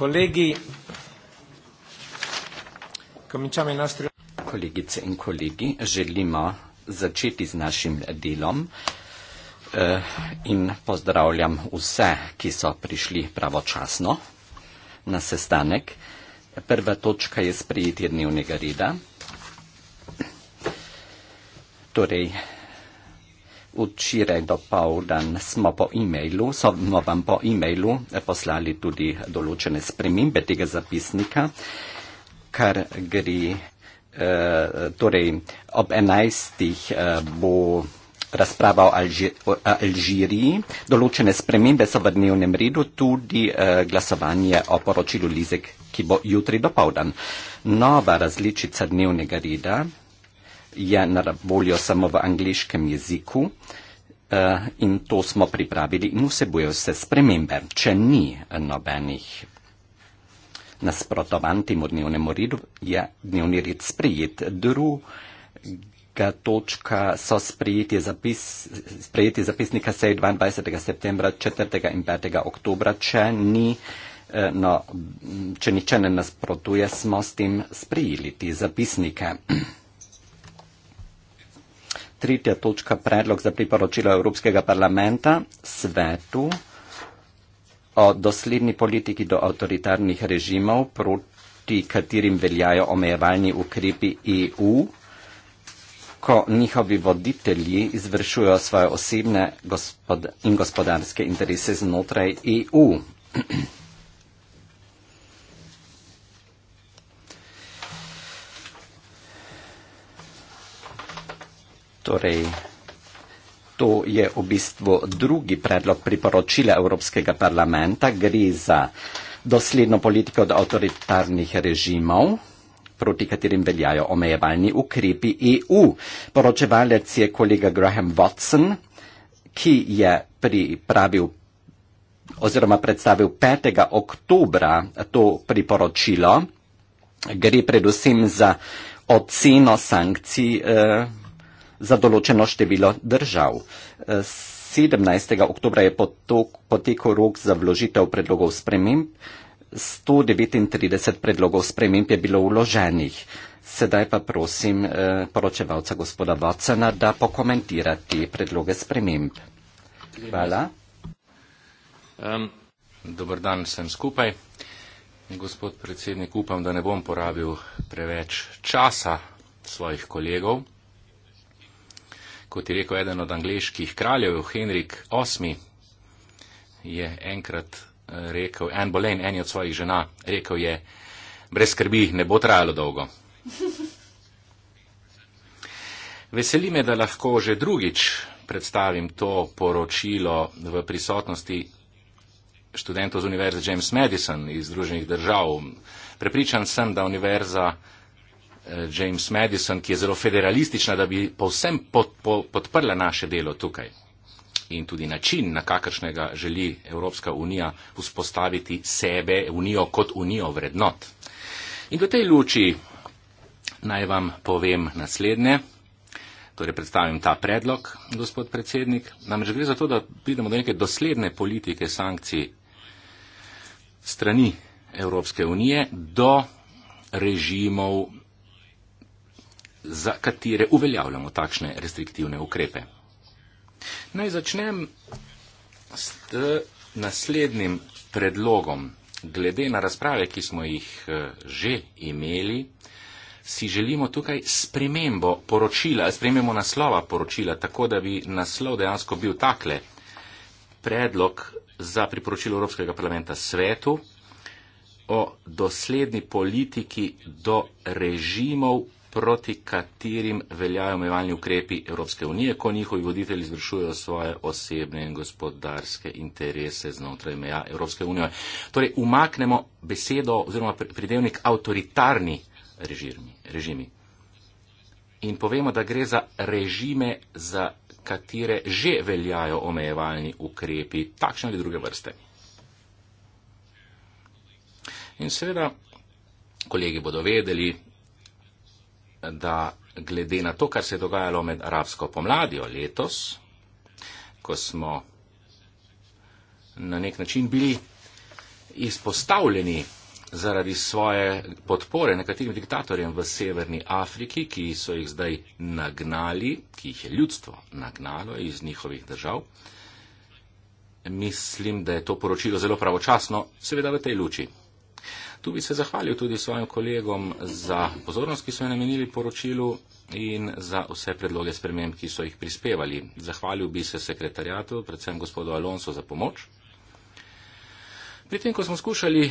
colleghi, cominciamo i nostri. Colleghe e colleghi, želimo začeti z našim delom eh, in pozdravljam vse, ki so prišli pravočasno na sestanek. Prva točka je sprejetje dnevnega reda. Torej, včeraj do povdan smo po e-mailu, so vam po e-mailu poslali tudi določene spremembe tega zapisnika, kar gre. Uh, torej, ob enajstih uh, bo razprava o, Alži o Alžiriji. Določene spremembe so v dnevnem redu, tudi uh, glasovanje o poročilu Lizek, ki bo jutri dopovdan. Nova različica dnevnega reda je na voljo samo v angliškem jeziku eh, in to smo pripravili in vsebuje vse spremembe. Če ni nobenih nasprotovanj temu dnevnemu redu, je dnevni red sprejet. Druga točka so sprejeti, zapis, sprejeti zapisnika sej 22. septembra, 4. in 5. oktobra. Če ni eh, No, če niče ne nasprotuje, smo s tem sprijeli te zapisnike. Tretja točka predlog za priporočilo Evropskega parlamenta svetu o dosledni politiki do avtoritarnih režimov, proti katerim veljajo omejevalni ukrepi EU, ko njihovi voditelji izvršujo svoje osebne gospod in gospodarske interese znotraj EU. Torej, to je v bistvu drugi predlog priporočila Evropskega parlamenta. Gre za dosledno politiko od avtoritarnih režimov proti katerim veljajo omejevalni ukrepi EU. Poročevalec je kolega Graham Watson, ki je pripravil oziroma predstavil 5. oktobra to priporočilo. Gre predvsem za oceno sankcij. Eh, za določeno število držav. 17. oktober je potekel rok za vložitev predlogov sprememb. 139 predlogov sprememb je bilo vloženih. Sedaj pa prosim eh, poročevalca gospoda Vacena, da pokomentira te predloge sprememb. Hvala. Um, dober dan sem skupaj. Gospod predsednik, upam, da ne bom porabil preveč časa svojih kolegov kot je rekel eden od angliških kraljev, Henrik VIII, je enkrat eh, rekel, en bolen, eni od svojih žena, rekel je, brez skrbi ne bo trajalo dolgo. Veseli me, da lahko že drugič predstavim to poročilo v prisotnosti študentov z Univerze James Madison iz Združenih držav. Prepričan sem, da Univerza James Madison, ki je zelo federalistična, da bi povsem pod, po, podprla naše delo tukaj. In tudi način, na kakršnega želi Evropska unija vzpostaviti sebe, unijo kot unijo vrednot. In v tej luči naj vam povem naslednje, torej predstavim ta predlog, gospod predsednik. Namreč gre za to, da pridemo do neke dosledne politike sankcij strani Evropske unije do režimov za katere uveljavljamo takšne restriktivne ukrepe. Naj začnem s eh, naslednjim predlogom. Glede na razprave, ki smo jih eh, že imeli, si želimo tukaj spremembo poročila, spremembo naslova poročila, tako da bi naslov dejansko bil takle. Predlog za priporočilo Evropskega parlamenta svetu o dosledni politiki do režimov proti katerim veljajo omejevalni ukrepi Evropske unije, ko njihovi voditelji izvršujejo svoje osebne in gospodarske interese znotraj meja Evropske unije. Torej, umaknemo besedo oziroma pridevnik avtoritarni režimi, režimi in povemo, da gre za režime, za katere že veljajo omejevalni ukrepi takšne ali druge vrste. In seveda, kolegi bodo vedeli, da glede na to, kar se je dogajalo med arabsko pomladjo letos, ko smo na nek način bili izpostavljeni zaradi svoje podpore nekaterim diktatorjem v Severni Afriki, ki so jih zdaj nagnali, ki jih je ljudstvo nagnalo iz njihovih držav. Mislim, da je to poročilo zelo pravočasno, seveda v tej luči. Tu bi se zahvalil tudi svojim kolegom za pozornost, ki so jo namenili poročilu in za vse predloge sprememb, ki so jih prispevali. Zahvalil bi se sekretarjatu, predvsem gospodu Alonso, za pomoč. Pri tem, ko smo skušali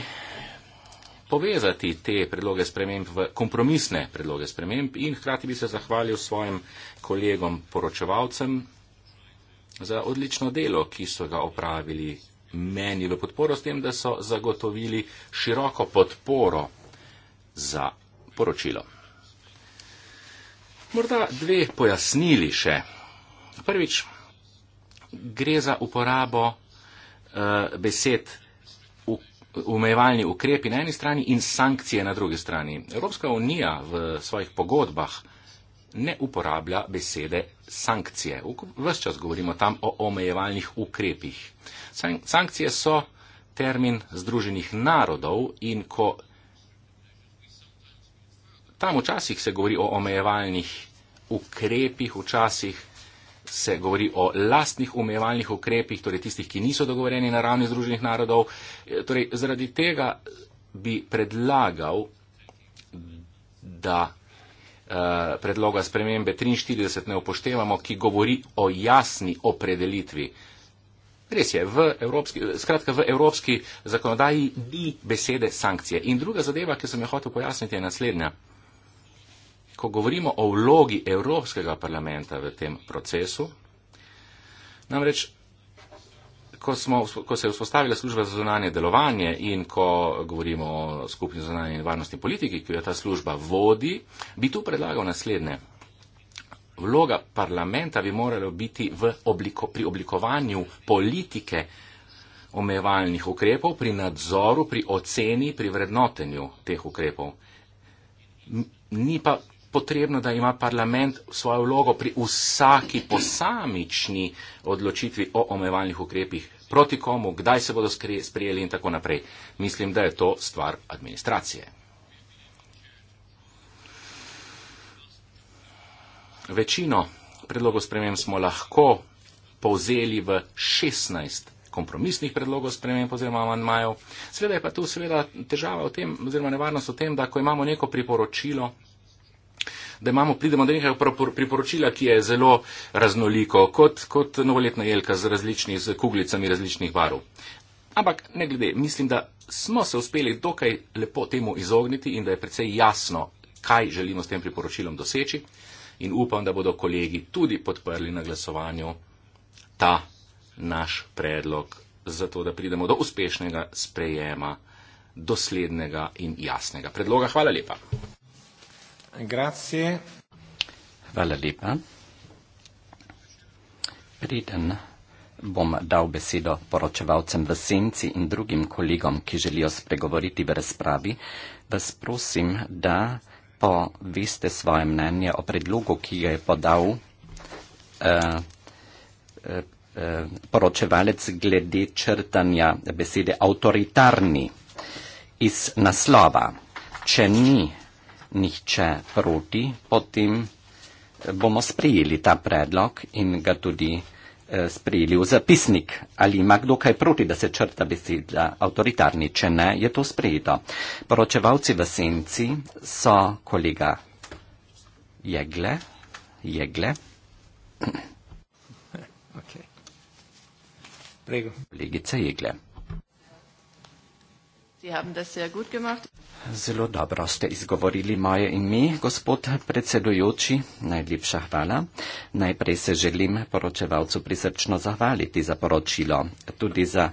povezati te predloge sprememb v kompromisne predloge sprememb in hkrati bi se zahvalil svojim kolegom poročevalcem za odlično delo, ki so ga opravili meni v podporo s tem, da so zagotovili široko podporo za poročilo. Morda dve pojasnili še. Prvič, gre za uporabo uh, besed umejevalni ukrepi na eni strani in sankcije na drugi strani. Evropska unija v svojih pogodbah uh, ne uporablja besede sankcije. Ves čas govorimo tam o omejevalnih ukrepih. Sankcije so termin Združenih narodov in ko tam včasih se govori o omejevalnih ukrepih, včasih se govori o lastnih omejevalnih ukrepih, torej tistih, ki niso dogovorjeni na ravni Združenih narodov. E, torej, zaradi tega bi predlagal, da Eh, predloga spremembe 43 ne upoštevamo, ki govori o jasni opredelitvi. Res je, v evropski, skratka, v evropski zakonodaji ni besede sankcije. In druga zadeva, ki sem jo hotel pojasniti, je naslednja. Ko govorimo o vlogi Evropskega parlamenta v tem procesu, namreč ko, smo, ko se je vzpostavila služba za zunanje delovanje in ko govorimo o skupni zunanje in varnosti politiki, ki jo ta služba vodi, bi tu predlagal naslednje. Vloga parlamenta bi morala biti v obliko, pri oblikovanju politike omejevalnih ukrepov, pri nadzoru, pri oceni, pri vrednotenju teh ukrepov. Ni pa potrebno, da ima parlament svojo vlogo pri vsaki posamični odločitvi o omejevalnih ukrepih, proti komu, kdaj se bodo sprejeli in tako naprej. Mislim, da je to stvar administracije. Večino predlogov sprememb smo lahko povzeli v 16 kompromisnih predlogov sprememb oziroma amandmajev. Sveda je pa tu seveda težava v tem oziroma nevarnost v tem, da ko imamo neko priporočilo, da imamo, pridemo do nekega priporočila, ki je zelo raznoliko, kot, kot novoletna jelka z različnimi kuglicami različnih barov. Ampak ne glede, mislim, da smo se uspeli dokaj lepo temu izogniti in da je precej jasno, kaj želimo s tem priporočilom doseči. In upam, da bodo kolegi tudi podprli na glasovanju ta naš predlog, zato da pridemo do uspešnega sprejema doslednega in jasnega predloga. Hvala lepa. Grazie. Hvala lepa. Preden bom dal besedo poročevalcem v senci in drugim kolegom, ki želijo spregovoriti v razpravi, vas prosim, da poveste svoje mnenje o predlogu, ki ga je podal uh, poročevalec glede črtanja besede avtoritarni iz naslova. Če ni nihče proti, potem eh, bomo sprejeli ta predlog in ga tudi eh, sprejeli v zapisnik. Ali ima kdo kaj proti, da se črta beseda avtoritarni? Če ne, je to sprejeto. Poročevalci v senci so kolega Jegle. Jegle. Okay. Kolegica Jegle. Zelo dobro ste izgovorili moje ime, gospod predsedujoči. Najlepša hvala. Najprej se želim poročevalcu prisrčno zahvaliti za poročilo, tudi za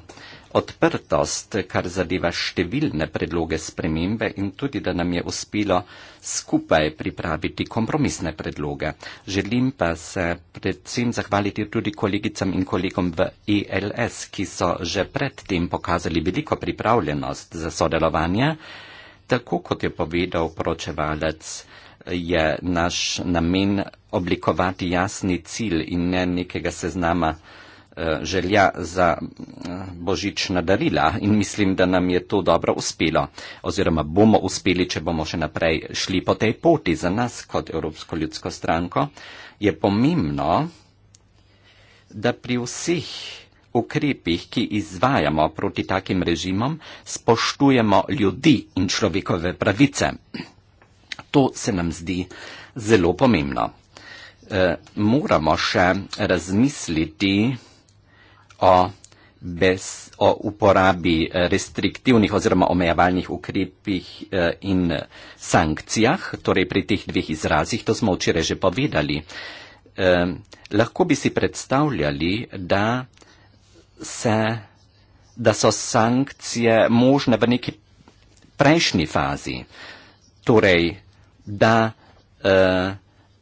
odprtost, kar zadeva številne predloge spremembe in tudi, da nam je uspelo skupaj pripraviti kompromisne predloge. Želim pa se predvsem zahvaliti tudi kolegicam in kolegom v ELS, ki so že predtem pokazali veliko pripravljenost za sodelovanje. Tako kot je povedal poročevalec, je naš namen oblikovati jasni cilj in ne nekega seznama Eh, želja za eh, božična darila in mislim, da nam je to dobro uspelo oziroma bomo uspeli, če bomo še naprej šli po tej poti za nas kot Evropsko ljudsko stranko, je pomembno, da pri vseh ukrepih, ki izvajamo proti takim režimom, spoštujemo ljudi in človekove pravice. To se nam zdi zelo pomembno. E, moramo še razmisliti, o, bez, o uporabi eh, restriktivnih oziroma omejevalnih ukrepih eh, in eh, sankcijah, torej pri teh dveh izrazih, to smo včeraj že povedali. Ehm, lahko bi si predstavljali, da, se, da so sankcije možne v neki prejšnji fazi, torej da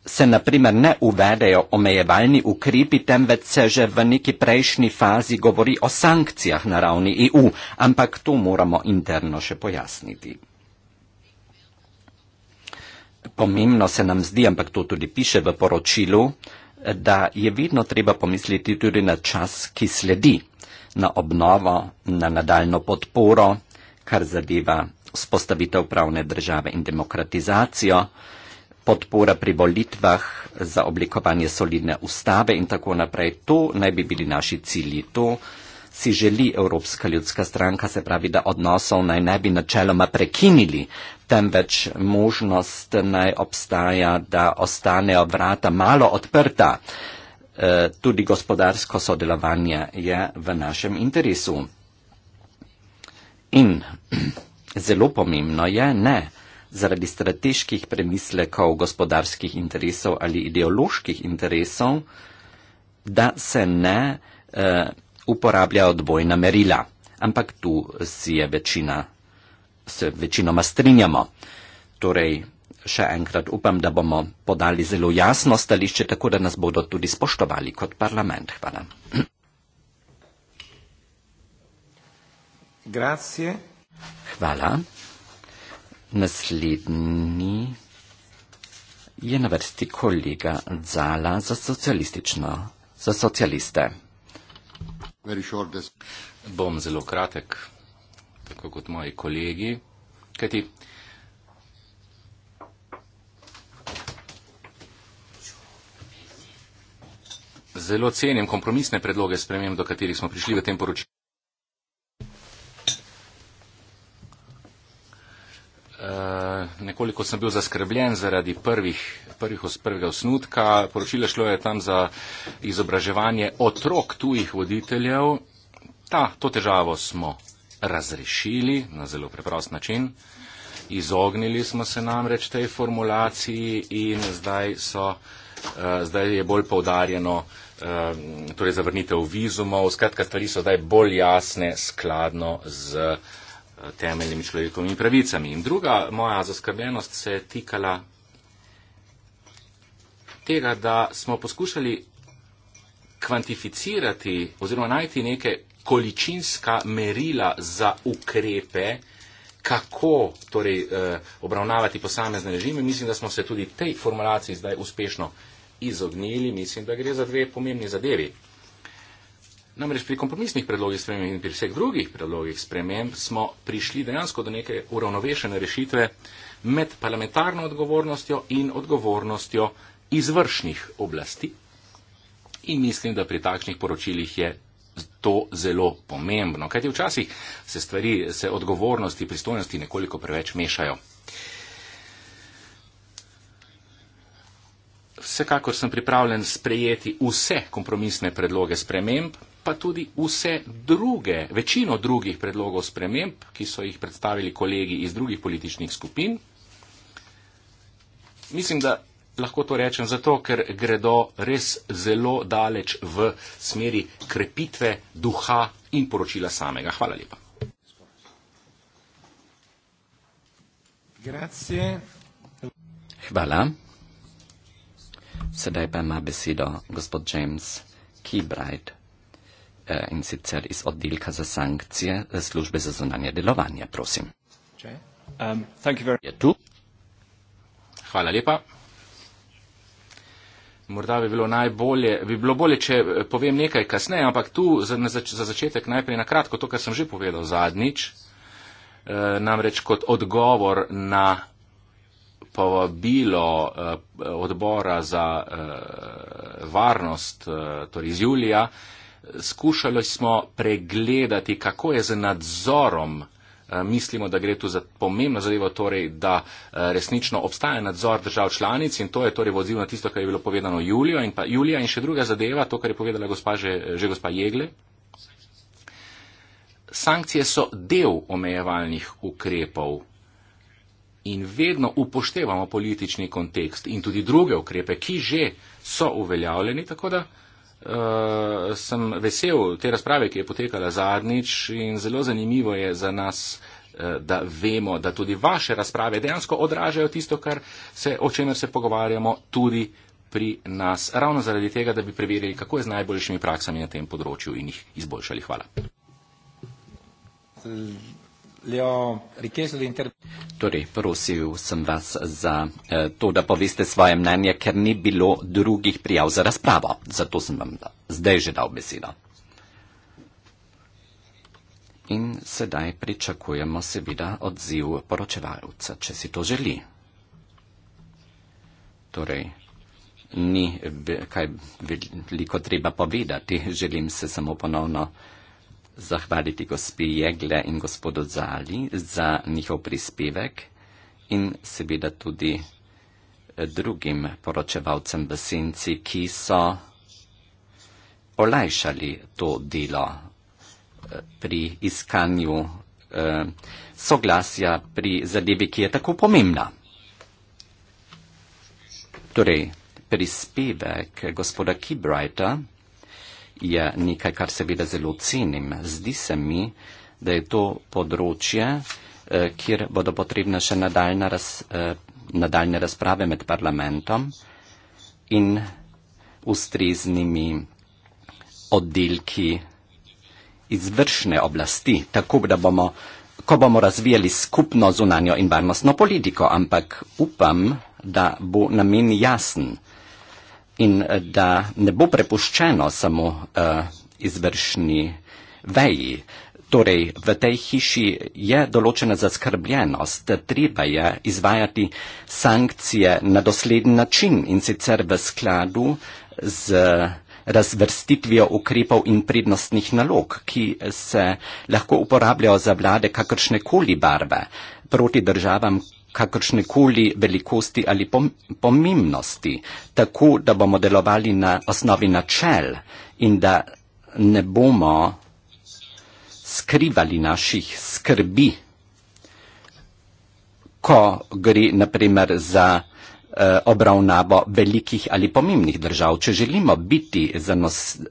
se na primer ne uvedejo omejevalni ukrepi, temveč se že v neki prejšnji fazi govori o sankcijah na ravni EU, ampak to moramo interno še pojasniti. Pomembno se nam zdi, ampak to tudi piše v poročilu, da je vedno treba pomisliti tudi na čas, ki sledi, na obnovo, na nadaljno podporo, kar zadeva spostavitev pravne države in demokratizacijo podpora pri volitvah za oblikovanje solidne ustave in tako naprej. To naj bi bili naši cilji. To si želi Evropska ljudska stranka, se pravi, da odnosov naj ne bi načeloma prekinili, temveč možnost naj obstaja, da ostanejo vrata malo odprta. E, tudi gospodarsko sodelovanje je v našem interesu. In zelo pomembno je ne zaradi strateških premislekov, gospodarskih interesov ali ideoloških interesov, da se ne eh, uporablja odbojna merila. Ampak tu si je večina, se večinoma strinjamo. Torej, še enkrat upam, da bomo podali zelo jasno stališče, tako da nas bodo tudi spoštovali kot parlament. Hvala. Grazie. Hvala. Naslednji je na vrsti kolega Zala za socialistično, za socialiste. Bom zelo kratek, tako kot moji kolegi, kajti zelo cenim kompromisne predloge spremem, do katerih smo prišli v tem poročilu. Eh, nekoliko sem bil zaskrbljen zaradi prvih, prvih os, prvega osnutka. Poročilo šlo je tam za izobraževanje otrok tujih voditeljev. Ta, to težavo smo razrešili na zelo preprost način. Izognili smo se namreč tej formulaciji in zdaj, so, eh, zdaj je bolj povdarjeno eh, torej zavrnitev vizumov. Skratka, stvari so zdaj bolj jasne skladno z temeljnimi človekovimi pravicami. In druga moja zaskrbljenost se je tikala tega, da smo poskušali kvantificirati oziroma najti neke količinska merila za ukrepe, kako torej, eh, obravnavati posamezne režime. Mislim, da smo se tudi tej formulaciji zdaj uspešno izognili. Mislim, da gre za dve pomembni zadevi. Namreč pri kompromisnih predlogih sprememb in pri vseh drugih predlogih sprememb smo prišli dejansko do neke uravnovešene rešitve med parlamentarno odgovornostjo in odgovornostjo izvršnih oblasti. In mislim, da pri takšnih poročilih je to zelo pomembno, kajti včasih se stvari, se odgovornosti, pristojnosti nekoliko preveč mešajo. Vsekakor sem pripravljen sprejeti vse kompromisne predloge sprememb, pa tudi vse druge, večino drugih predlogov sprememb, ki so jih predstavili kolegi iz drugih političnih skupin. Mislim, da lahko to rečem zato, ker gredo res zelo daleč v smeri krepitve duha in poročila samega. Hvala lepa. Grazie. Hvala. Sedaj pa ima besedo gospod James Keybright. Eh, in sicer iz oddelka za sankcije eh, službe za zunanje delovanje. Prosim. Um, Je tu? Hvala lepa. Morda bi bilo najbolje, bi bilo bolje, če eh, povem nekaj kasneje, ampak tu za, za začetek najprej na kratko to, kar sem že povedal zadnjič, namreč kot odgovor na povabilo odbora za varnost, torej iz Julija, skušali smo pregledati, kako je z nadzorom. Eh, mislimo, da gre tu za pomembno zadevo, torej, da eh, resnično obstaja nadzor držav članic in to je torej odziv na tisto, kar je bilo povedano Julijo in pa Julija in še druga zadeva, to, kar je povedala gospa že, že gospa Jegle. Sankcije so del omejevalnih ukrepov in vedno upoštevamo politični kontekst in tudi druge ukrepe, ki že so uveljavljeni, tako da uh, Eh, sem vesel te razprave, ki je potekala zadnjič in zelo zanimivo je za nas, eh, da vemo, da tudi vaše razprave dejansko odražajo tisto, se, o čemer se pogovarjamo tudi pri nas. Ravno zaradi tega, da bi preverili, kako je z najboljšimi praksami na tem področju in jih izboljšali. Hvala. Hmm le ho richiesto di intervenire. Torej, prosil sem vas za eh, to, da poveste svoje mnenje, ker ni bilo drugih prijav za razpravo. Zato sem vam da, zdaj že dal besedo. In sedaj pričakujemo seveda odziv poročevalca, če si to želi. Torej, ni kaj veliko treba povedati, želim se samo ponovno zahvaliti gospi Jegle in gospodu Zali za njihov prispevek in seveda tudi eh, drugim poročevalcem v senci, ki so olajšali to delo eh, pri iskanju eh, soglasja pri zadevi, ki je tako pomembna. Torej, prispevek gospoda Kibrajta je nekaj, kar seveda zelo cenim. Zdi se mi, da je to področje, eh, kjer bodo potrebne še nadaljne, raz, eh, nadaljne razprave med parlamentom in ustreznimi oddelki izvršne oblasti, tako da bomo, ko bomo razvijali skupno zunanjo in varnostno politiko, ampak upam, da bo namen jasen in eh, da ne bo prepuščeno samo uh, izvršni veji. Torej, v tej hiši je določena zaskrbljenost, treba je izvajati sankcije na dosleden način in sicer v skladu z razvrstitvijo ukrepov in prednostnih nalog, ki se lahko uporabljajo za vlade kakršnekoli barve proti državam, kakršne koli velikosti ali pomembnosti, tako da bomo delovali na osnovi načel in da ne bomo skrivali naših skrbi, ko gre naprimer za eh, obravnavo velikih ali pomembnih držav. Če želimo biti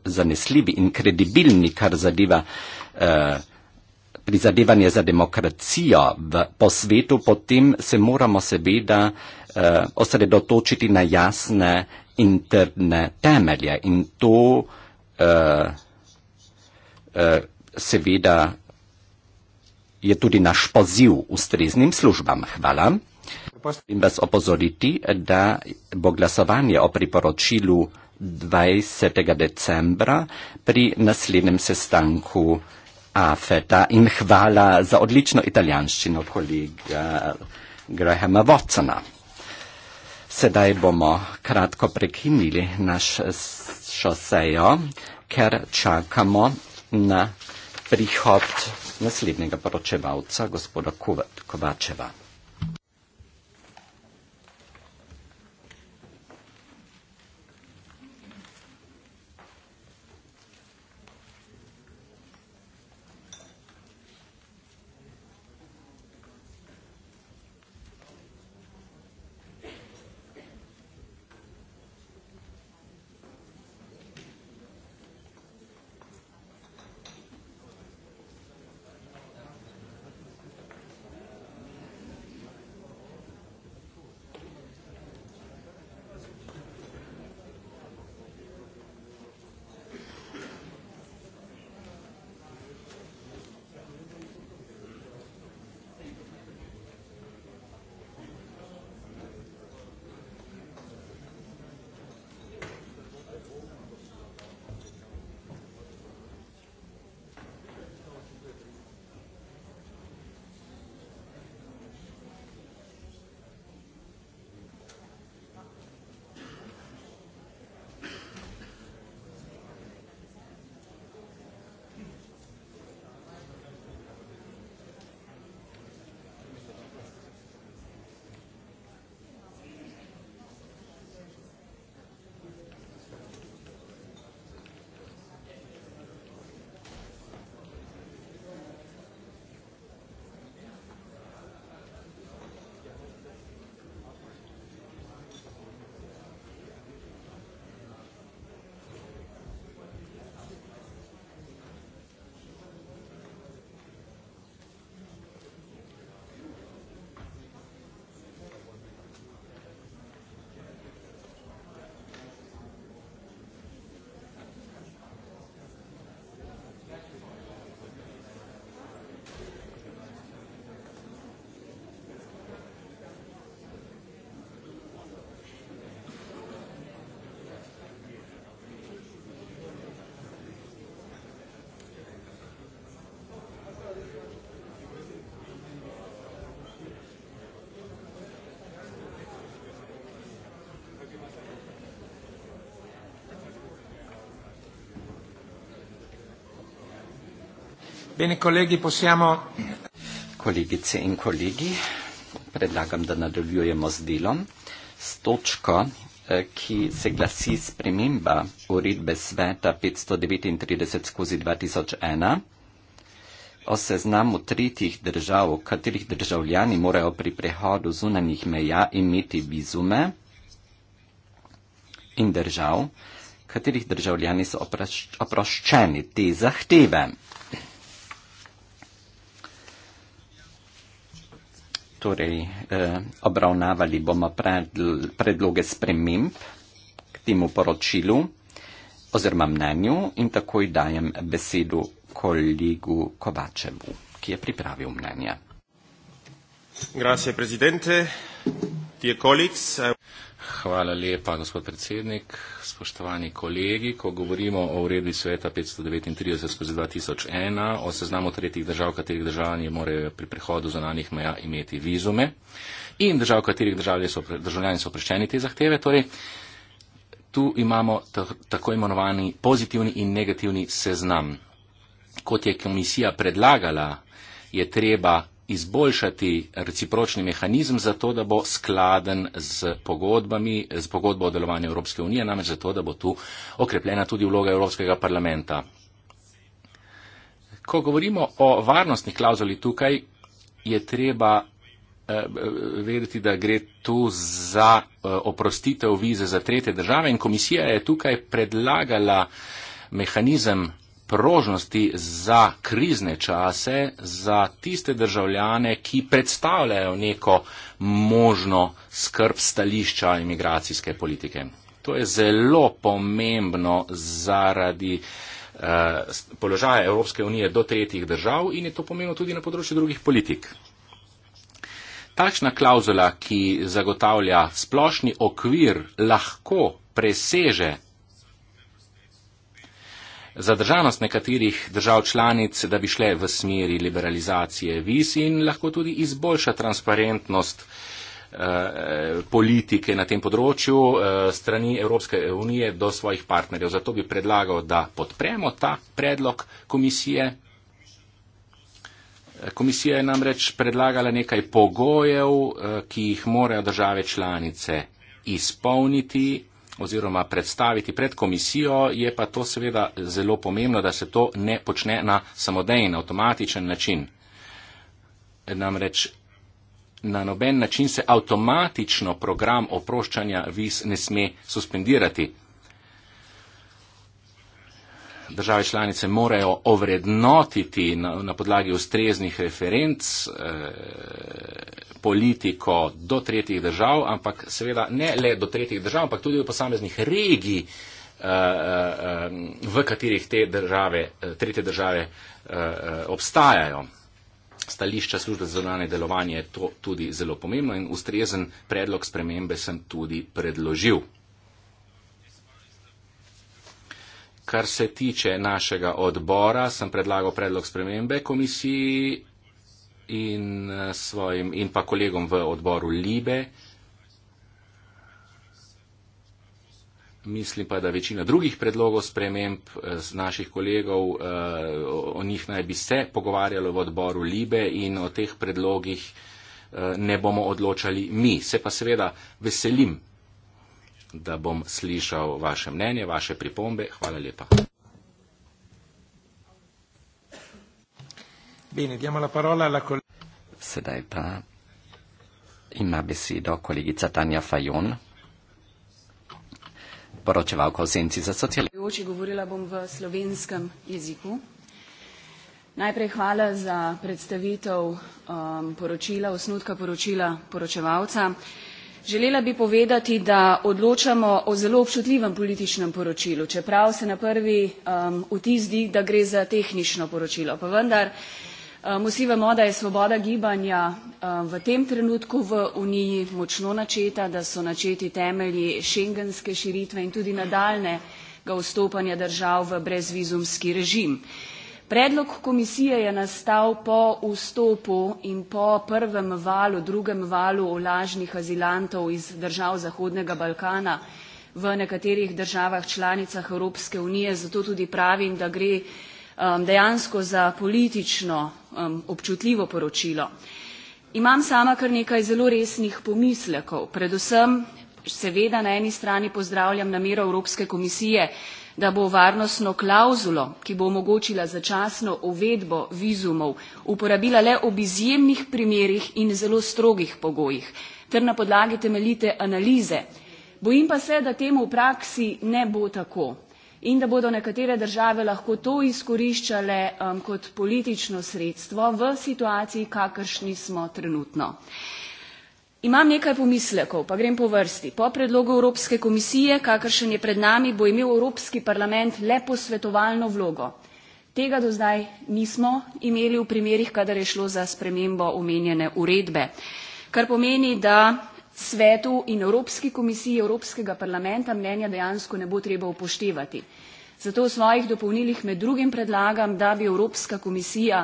zanesljivi in kredibilni, kar zadeva eh, prizadevanje za demokracijo v, po svetu, potem se moramo seveda eh, osredotočiti na jasne interne temelje in to eh, eh, seveda je tudi naš poziv ustreznim službam. Hvala. Prosim vas opozoriti, da bo glasovanje o priporočilu 20. decembra pri naslednjem sestanku afeta in hvala za odlično italijanščino kolega Grahama Watsona. Sedaj bomo kratko prekinili našo sejo, ker čakamo na prihod naslednjega poročevalca, gospoda Kovačeva. Bene, kolegi, posiamo. Kolegice in kolegi, predlagam, da nadaljujemo z delom. S točko, eh, ki se glasi sprememba uredbe sveta 539 skozi 2001 o seznamu tretjih držav, katerih državljani morajo pri prehodu zunanjih meja imeti vizume in držav, katerih državljani so oproščeni te zahteve. torej eh, obravnavali bomo predloge sprememb k temu poročilu oziroma mnenju in takoj dajem besedo kolegu Kovačevu, ki je pripravil mnenje. Grazie, hvala lepa, gospod predsednik. Spoštovani kolegi, ko govorimo o uredbi sveta 539 skozi 2001, o seznamu tretjih držav, katerih državljani morajo pri prehodu zonanih meja imeti vizume in držav, katerih so, državljani so oprešteni te zahteve, torej tu imamo tako imenovani pozitivni in negativni seznam. Kot je komisija predlagala, je treba izboljšati recipročni mehanizem za to, da bo skladen z pogodbami, z pogodbo o delovanju Evropske unije, namreč za to, da bo tu okrepljena tudi vloga Evropskega parlamenta. Ko govorimo o varnostni klauzuli tukaj, je treba eh, vedeti, da gre tu za eh, oprostitev vize za tretje države in komisija je tukaj predlagala mehanizem prožnosti za krizne čase, za tiste državljane, ki predstavljajo neko možno skrb stališča imigracijske politike. To je zelo pomembno zaradi eh, položaja Evropske unije do tretjih držav in je to pomembno tudi na področju drugih politik. Takšna klauzula, ki zagotavlja splošni okvir, lahko preseže zadržanost nekaterih držav članic, da bi šle v smeri liberalizacije viz in lahko tudi izboljša transparentnost eh, politike na tem področju eh, strani Evropske unije do svojih partnerjev. Zato bi predlagal, da podpremo ta predlog komisije. Komisija je namreč predlagala nekaj pogojev, eh, ki jih morajo države članice izpolniti oziroma predstaviti pred komisijo, je pa to seveda zelo pomembno, da se to ne počne na samodejen, avtomatičen način. Namreč na noben način se avtomatično program oproščanja viz ne sme suspendirati države članice morajo ovrednotiti na, na podlagi ustreznih referenc eh, politiko do tretjih držav, ampak seveda ne le do tretjih držav, ampak tudi do posameznih regij, eh, eh, eh, v katerih te države, eh, tretje države eh, eh, obstajajo. Stališča službe za zunanje delovanje je to tudi zelo pomembno in ustrezen predlog spremembe sem tudi predložil. kar se tiče našega odbora, sem predlagal predlog spremembe komisiji in, eh, svojim, in pa kolegom v odboru Libe. Mislim pa, da večina drugih predlogov sprememb eh, z naših kolegov, eh, o njih naj bi se pogovarjalo v odboru Libe in o teh predlogih ne bomo odločali mi. Se pa seveda veselim da bom slišal vaše mnenje, vaše pripombe. Hvala lepa. Bene, Sedaj pa ima besedo kolegica Tanja Fajon, poročevalka v Senci za socialistično. Govorila bom v slovenskem jeziku. Najprej hvala za predstavitev um, poročila, osnutka poročila poročevalca želela bi povedati da odločamo o zelo občutljivem političnem poročilu čeprav se na prvi um, vtis zdi da gre za tehnično poročilo pa vendar um, vsi vemo da je svoboda gibanja um, v tem trenutku v uniji močno načeta da so načeti temelji schengenske širitve in tudi nadaljnjega vstopanja držav v brezvizumski režim. Predlog komisije je nastal po vstopu in po prvem valu, drugem valu lažnih azilantov iz držav Zahodnega Balkana v nekaterih državah članicah Evropske unije, zato tudi pravim, da gre um, dejansko za politično um, občutljivo poročilo. Imam sama kar nekaj zelo resnih pomislekov, predvsem seveda na eni strani pozdravljam namero Evropske komisije, da bo varnostno klauzulo, ki bo omogočila začasno uvedbo vizumov, uporabila le ob izjemnih primerjih in zelo strogih pogojih, ter na podlagi temeljite analize. Bojim pa se, da temu v praksi ne bo tako in da bodo nekatere države lahko to izkoriščale um, kot politično sredstvo v situaciji, kakršni smo trenutno. Imam nekaj pomislekov, pa grem po vrsti. Po predlogu Evropske komisije, kakršen je pred nami, bo imel Evropski parlament le posvetovalno vlogo. Tega do zdaj nismo imeli v primerih, kadar je šlo za spremembo omenjene uredbe, kar pomeni, da svetu in Evropski komisiji Evropskega parlamenta mnenja dejansko ne bo treba upoštevati. Zato v svojih dopolnilih med drugim predlagam, da bi Evropska komisija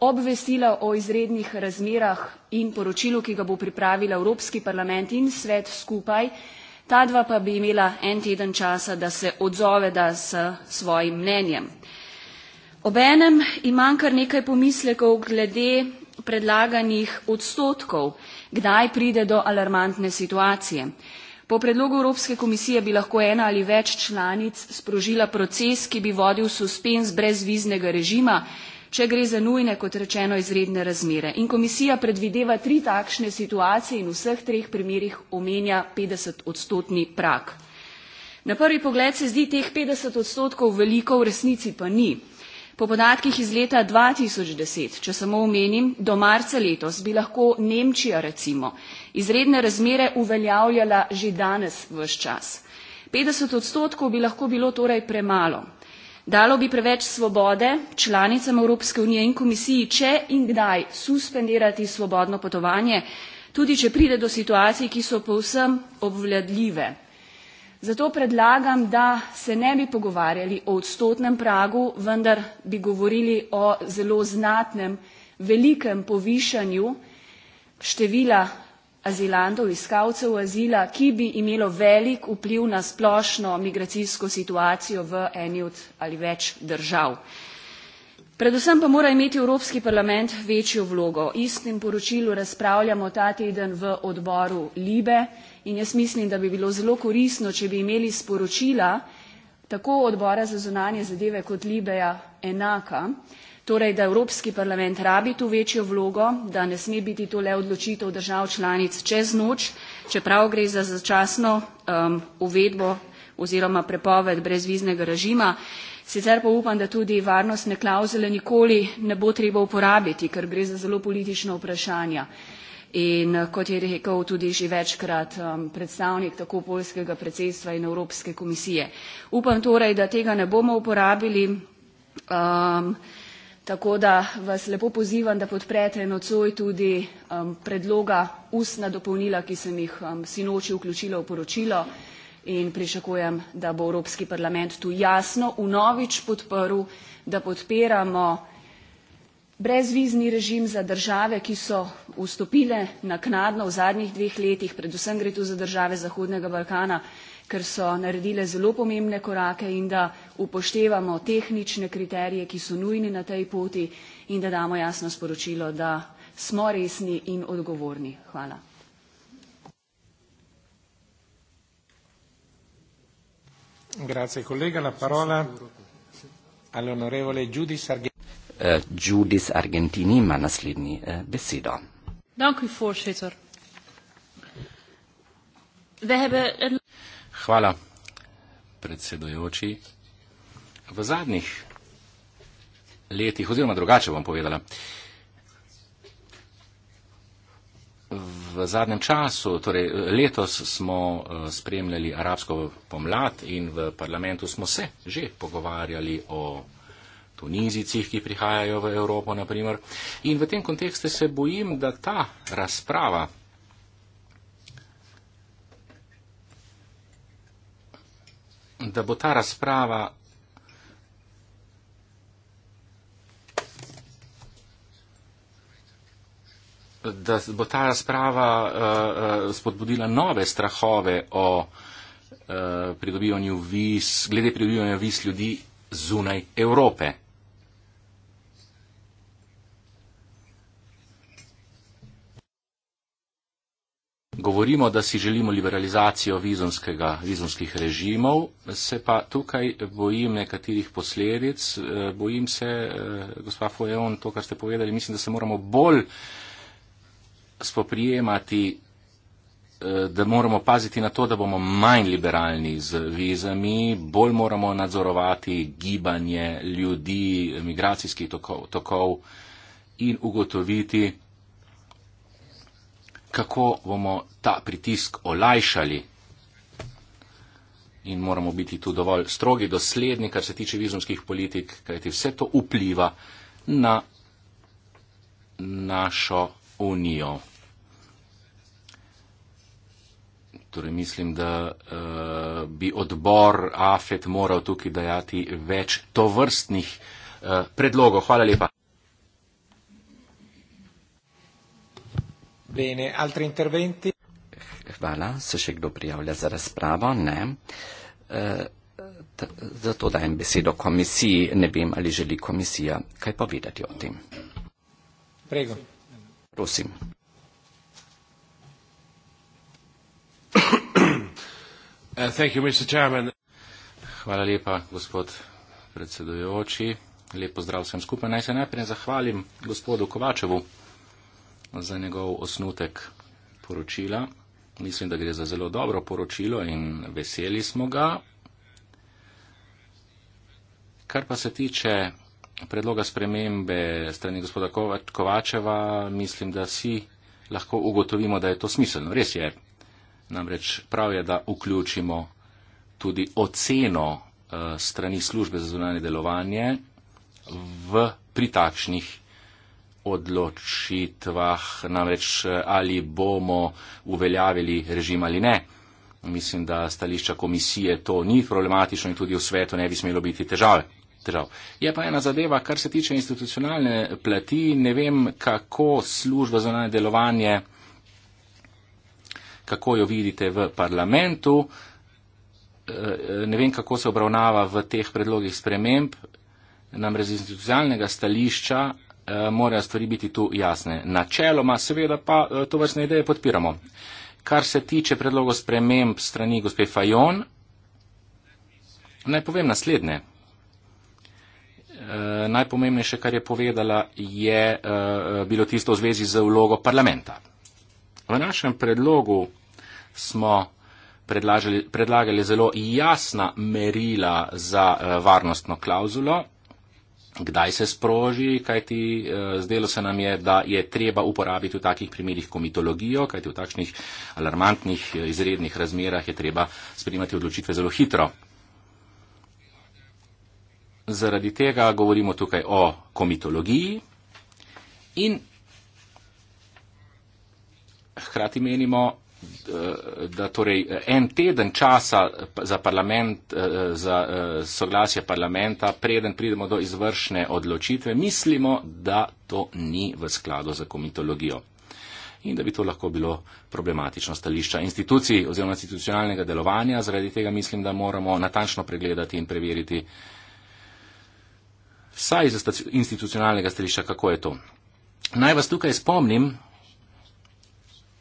obvestila o izrednih razmerah in poročilu, ki ga bo pripravila Evropski parlament in svet skupaj. Ta dva pa bi imela en teden časa, da se odzoveda s svojim mnenjem. Obenem imam kar nekaj pomislekov glede predlaganih odstotkov, kdaj pride do alarmantne situacije. Po predlogu Evropske komisije bi lahko ena ali več članic sprožila proces, ki bi vodil suspens brezviznega režima, če gre za nujne, kot rečeno, izredne razmere. In komisija predvideva tri takšne situacije in v vseh treh primerjih omenja 50 odstotni prak. Na prvi pogled se zdi teh 50 odstotkov veliko, v resnici pa ni. Po podatkih iz leta 2010, če samo omenim, do marca letos bi lahko Nemčija recimo izredne razmere uveljavljala že danes v čas. 50 odstotkov bi lahko bilo torej premalo. Dalo bi preveč svobode članicam Evropske unije in komisiji, če in kdaj suspendirati svobodno potovanje, tudi če pride do situacij, ki so povsem obvladljive. Zato predlagam, da se ne bi pogovarjali o odstotnem pragu, vendar bi govorili o zelo znatnem, velikem povišanju števila azilantov, iskalcev azila, ki bi imelo velik vpliv na splošno migracijsko situacijo v eni od ali več držav. Predvsem pa mora imeti Evropski parlament večjo vlogo. Istem poročilu razpravljamo ta teden v odboru Libe in jaz mislim, da bi bilo zelo korisno, če bi imeli sporočila tako odbora za zunanje zadeve kot Libeja enaka torej da evropski parlament rabi tu večjo vlogo da ne sme biti to le odločitev držav članic čez noč čeprav gre za začasno um, uvedbo oziroma prepoved brezviznega režima sicer pa upam da tudi varnostne klauzule nikoli ne bo treba uporabiti ker gre za zelo politično vprašanje in eh, kot je rekel tudi že večkrat um, predstavnik tako polskega predsedstva in Evropske komisije. Upam torej, da tega ne bomo uporabili. Um, Tako da vas lepo pozivam, da podprete nocoj tudi um, predloga ustna dopolnila, ki sem jih um, sinoči vključila v poročilo in pričakujem, da bo Evropski parlament tu jasno unovič podprl, da podpiramo brezvizni režim za države, ki so vstopile naknadno v zadnjih dveh letih, predvsem gre tu za države Zahodnega Balkana, ker so naredile zelo pomembne korake in da upoštevamo tehnične kriterije, ki so nujni na tej poti in da damo jasno sporočilo, da smo resni in odgovorni. Hvala. Grazie collega, la parola all'onorevole Judis Argentini. Eh, Judis uh, Argentini, ma naslidni eh, besido. Dank u voorzitter. We hebben een Hvala, predsedujoči. V zadnjih letih, oziroma drugače bom povedala, v zadnjem času, torej letos smo eh, spremljali arabsko pomlad in v parlamentu smo se že pogovarjali o tunizicih, ki prihajajo v Evropo, naprimer. In v tem kontekste se bojim, da ta razprava da bo ta razprava da bo ta razprava uh, uh, spodbudila nove strahove o uh, pridobivanju viz, glede pridobivanja viz ljudi zunaj Evrope. govorimo, da si želimo liberalizacijo vizonskih režimov, se pa tukaj bojim nekaterih posledic. Eh, bojim se, eh, gospa Fojeon, to, kar ste povedali, mislim, da se moramo bolj spoprijemati, eh, da moramo paziti na to, da bomo manj liberalni z vizami, bolj moramo nadzorovati gibanje ljudi, migracijskih tokov, tokov in ugotoviti, kako bomo ta pritisk olajšali. In moramo biti tu dovolj strogi, dosledni, kar se tiče vizumskih politik, kajti vse to vpliva na našo unijo. Torej mislim, da uh, bi odbor AFET moral tukaj dajati več tovrstnih uh, predlogov. Hvala lepa. Bene, altri interventi? Hvala, se še kdo prijavlja za razpravo? Ne. Eh, zato dajem besedo komisiji, ne vem, ali želi komisija kaj povedati o tem. Prego. Prosim. Eh, Hvala lepa, gospod predsedujoči. Lep pozdrav vsem skupaj. Naj se najprej zahvalim gospodu Kovačevu za njegov osnutek poročila. Mislim, da gre za zelo dobro poročilo in veseli smo ga. Kar pa se tiče predloga spremembe strani gospoda Kovačeva, mislim, da si lahko ugotovimo, da je to smiselno. Res je. Namreč prav je, da vključimo tudi oceno eh, strani službe za zunanje delovanje v, pri takšnih odločitvah, namreč ali bomo uveljavili režim ali ne. Mislim, da stališča komisije to ni problematično in tudi v svetu ne bi smelo biti težave. Držav. Je pa ena zadeva, kar se tiče institucionalne plati, ne vem, kako služba za najdelovanje, kako jo vidite v parlamentu, eh, ne vem, kako se obravnava v teh predlogih sprememb, namreč iz institucionalnega stališča Eh, morajo stvari biti tu jasne. Načeloma seveda pa eh, to vrstne ideje podpiramo. Kar se tiče predlogov sprememb strani gospe Fajon, naj povem naslednje. Eh, najpomembnejše, kar je povedala, je bilo tisto v zvezi z vlogo parlamenta. V našem predlogu smo predlagali zelo jasna merila za varnostno klauzulo kdaj se sproži, kajti eh, zdelo se nam je, da je treba uporabiti v takih primerih komitologijo, kajti v takšnih alarmantnih eh, izrednih razmerah je treba sprejemati odločitve zelo hitro. Zaradi tega govorimo tukaj o komitologiji in hkrati menimo, da torej eh, en teden časa za parlament, eh, za eh, soglasje parlamenta, preden pridemo do izvršne odločitve, mislimo, da to ni v skladu z komitologijo in da bi to lahko bilo problematično stališča institucij oziroma institucionalnega delovanja. Zaradi tega mislim, da moramo natančno pregledati in preveriti vsaj iz institucionalnega stališča, kako je to. Naj vas tukaj spomnim,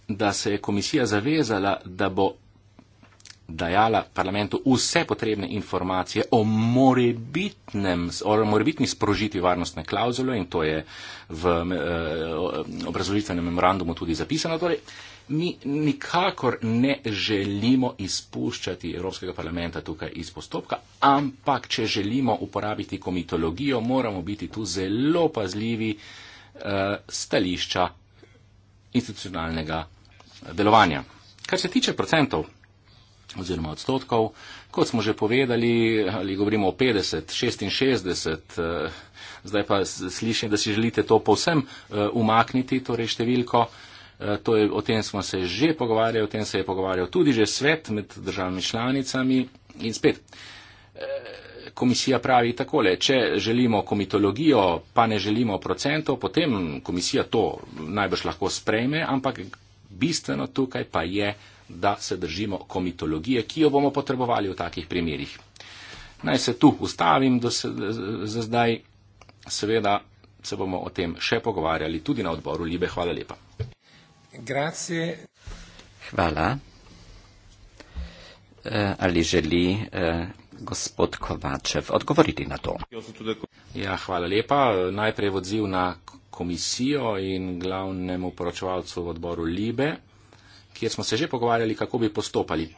da se je komisija zavezala, da bo dajala parlamentu vse potrebne informacije o morebitnem, o morebitni sprožitvi varnostne klauzule in to je v eh, obrazložitvenem memorandumu tudi zapisano. Torej, mi nikakor ne želimo izpuščati Evropskega parlamenta tukaj iz postopka, ampak če želimo uporabiti komitologijo, moramo biti tu zelo pazljivi eh, stališča institucionalnega delovanja. Kar se tiče procentov oziroma odstotkov, kot smo že povedali, ali govorimo o 50, 66, eh, zdaj pa slišim, da si želite to povsem eh, umakniti, torej številko. Eh, to je, o tem smo se že pogovarjali, o tem se je pogovarjal tudi že svet med državami članicami in spet. Komisija pravi takole, če želimo komitologijo, pa ne želimo procentov, potem komisija to najbrž lahko sprejme, ampak bistveno tukaj pa je, da se držimo komitologije, ki jo bomo potrebovali v takih primerjih. Naj se tu ustavim, da se za zdaj seveda se bomo o tem še pogovarjali tudi na odboru Libe. Hvala lepa. Grazie. Hvala. Eh, ali želi eh, gospod Kovačev odgovoriti na to? Ja, hvala lepa. Najprej odziv na komisijo in glavnemu poročevalcu v odboru Libe, kjer smo se že pogovarjali, kako bi postopali.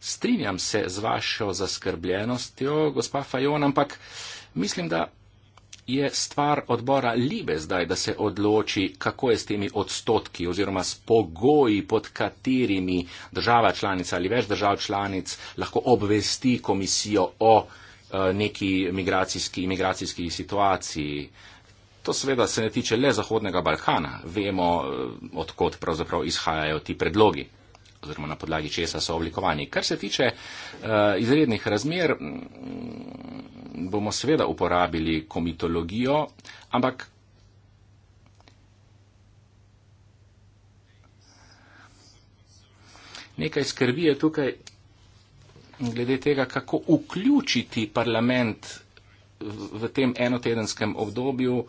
Strinjam se z vašo zaskrbljenostjo, gospa Fajon, ampak mislim, da je stvar odbora Libe zdaj, da se odloči, kako je s temi odstotki oziroma s pogoji, pod katerimi država članica ali več držav članic lahko obvesti komisijo o eh, neki migracijski, migracijski situaciji. To seveda se ne tiče le Zahodnega Balkana. Vemo, eh, odkot pravzaprav izhajajo ti predlogi oziroma na podlagi česa so oblikovani. Kar se tiče uh, izrednih razmer, mm, bomo seveda uporabili komitologijo, ampak. Nekaj skrbi je tukaj glede tega, kako vključiti parlament v tem enotedenskem obdobju uh,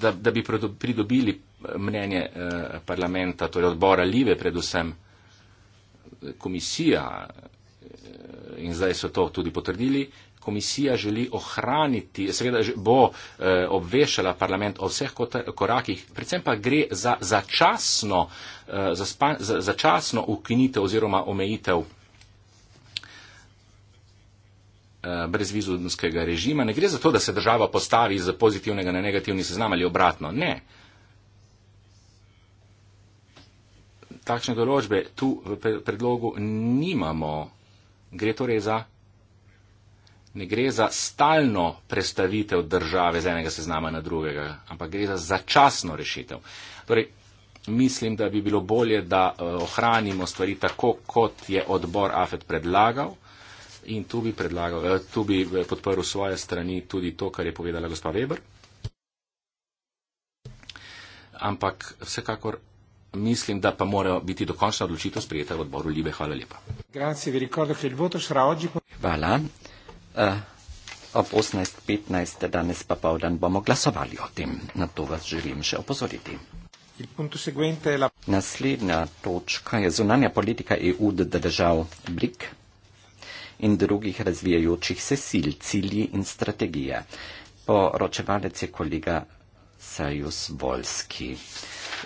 da, da bi pridobili mnenje eh, parlamenta, torej odbora Live, predvsem eh, komisija eh, in zdaj so to tudi potrdili. Komisija želi ohraniti, seveda bo obvešala parlament o vseh korakih, predvsem pa gre za začasno, za, za, začasno ukinitev oziroma omejitev Eh, brezvizumskega režima, ne gre za to, da se država postavi iz pozitivnega na negativni seznam ali obratno. Ne. Takšne določbe tu v predlogu nimamo. Gre torej za. Ne gre za stalno prestavitev države z enega seznama na drugega, ampak gre za začasno rešitev. Torej, mislim, da bi bilo bolje, da eh, ohranimo stvari tako, kot je odbor AFED predlagal, in tu bi, predlagal, eh, tu bi eh, podprl svoje strani tudi to, kar je povedala gospa Weber. Ampak vsekakor mislim, da pa mora biti dokončna odločitev sprejeta v odboru Libe. Hvala lepa. Hvala. Eh, ob 18.15 danes pa povdan bomo glasovali o tem. Na to vas želim še opozoriti. Naslednja točka je zunanja politika EU, da držav BRIC in drugih razvijajočih se sil, cilji in strategije. Poročevalec je kolega Sajus Volski.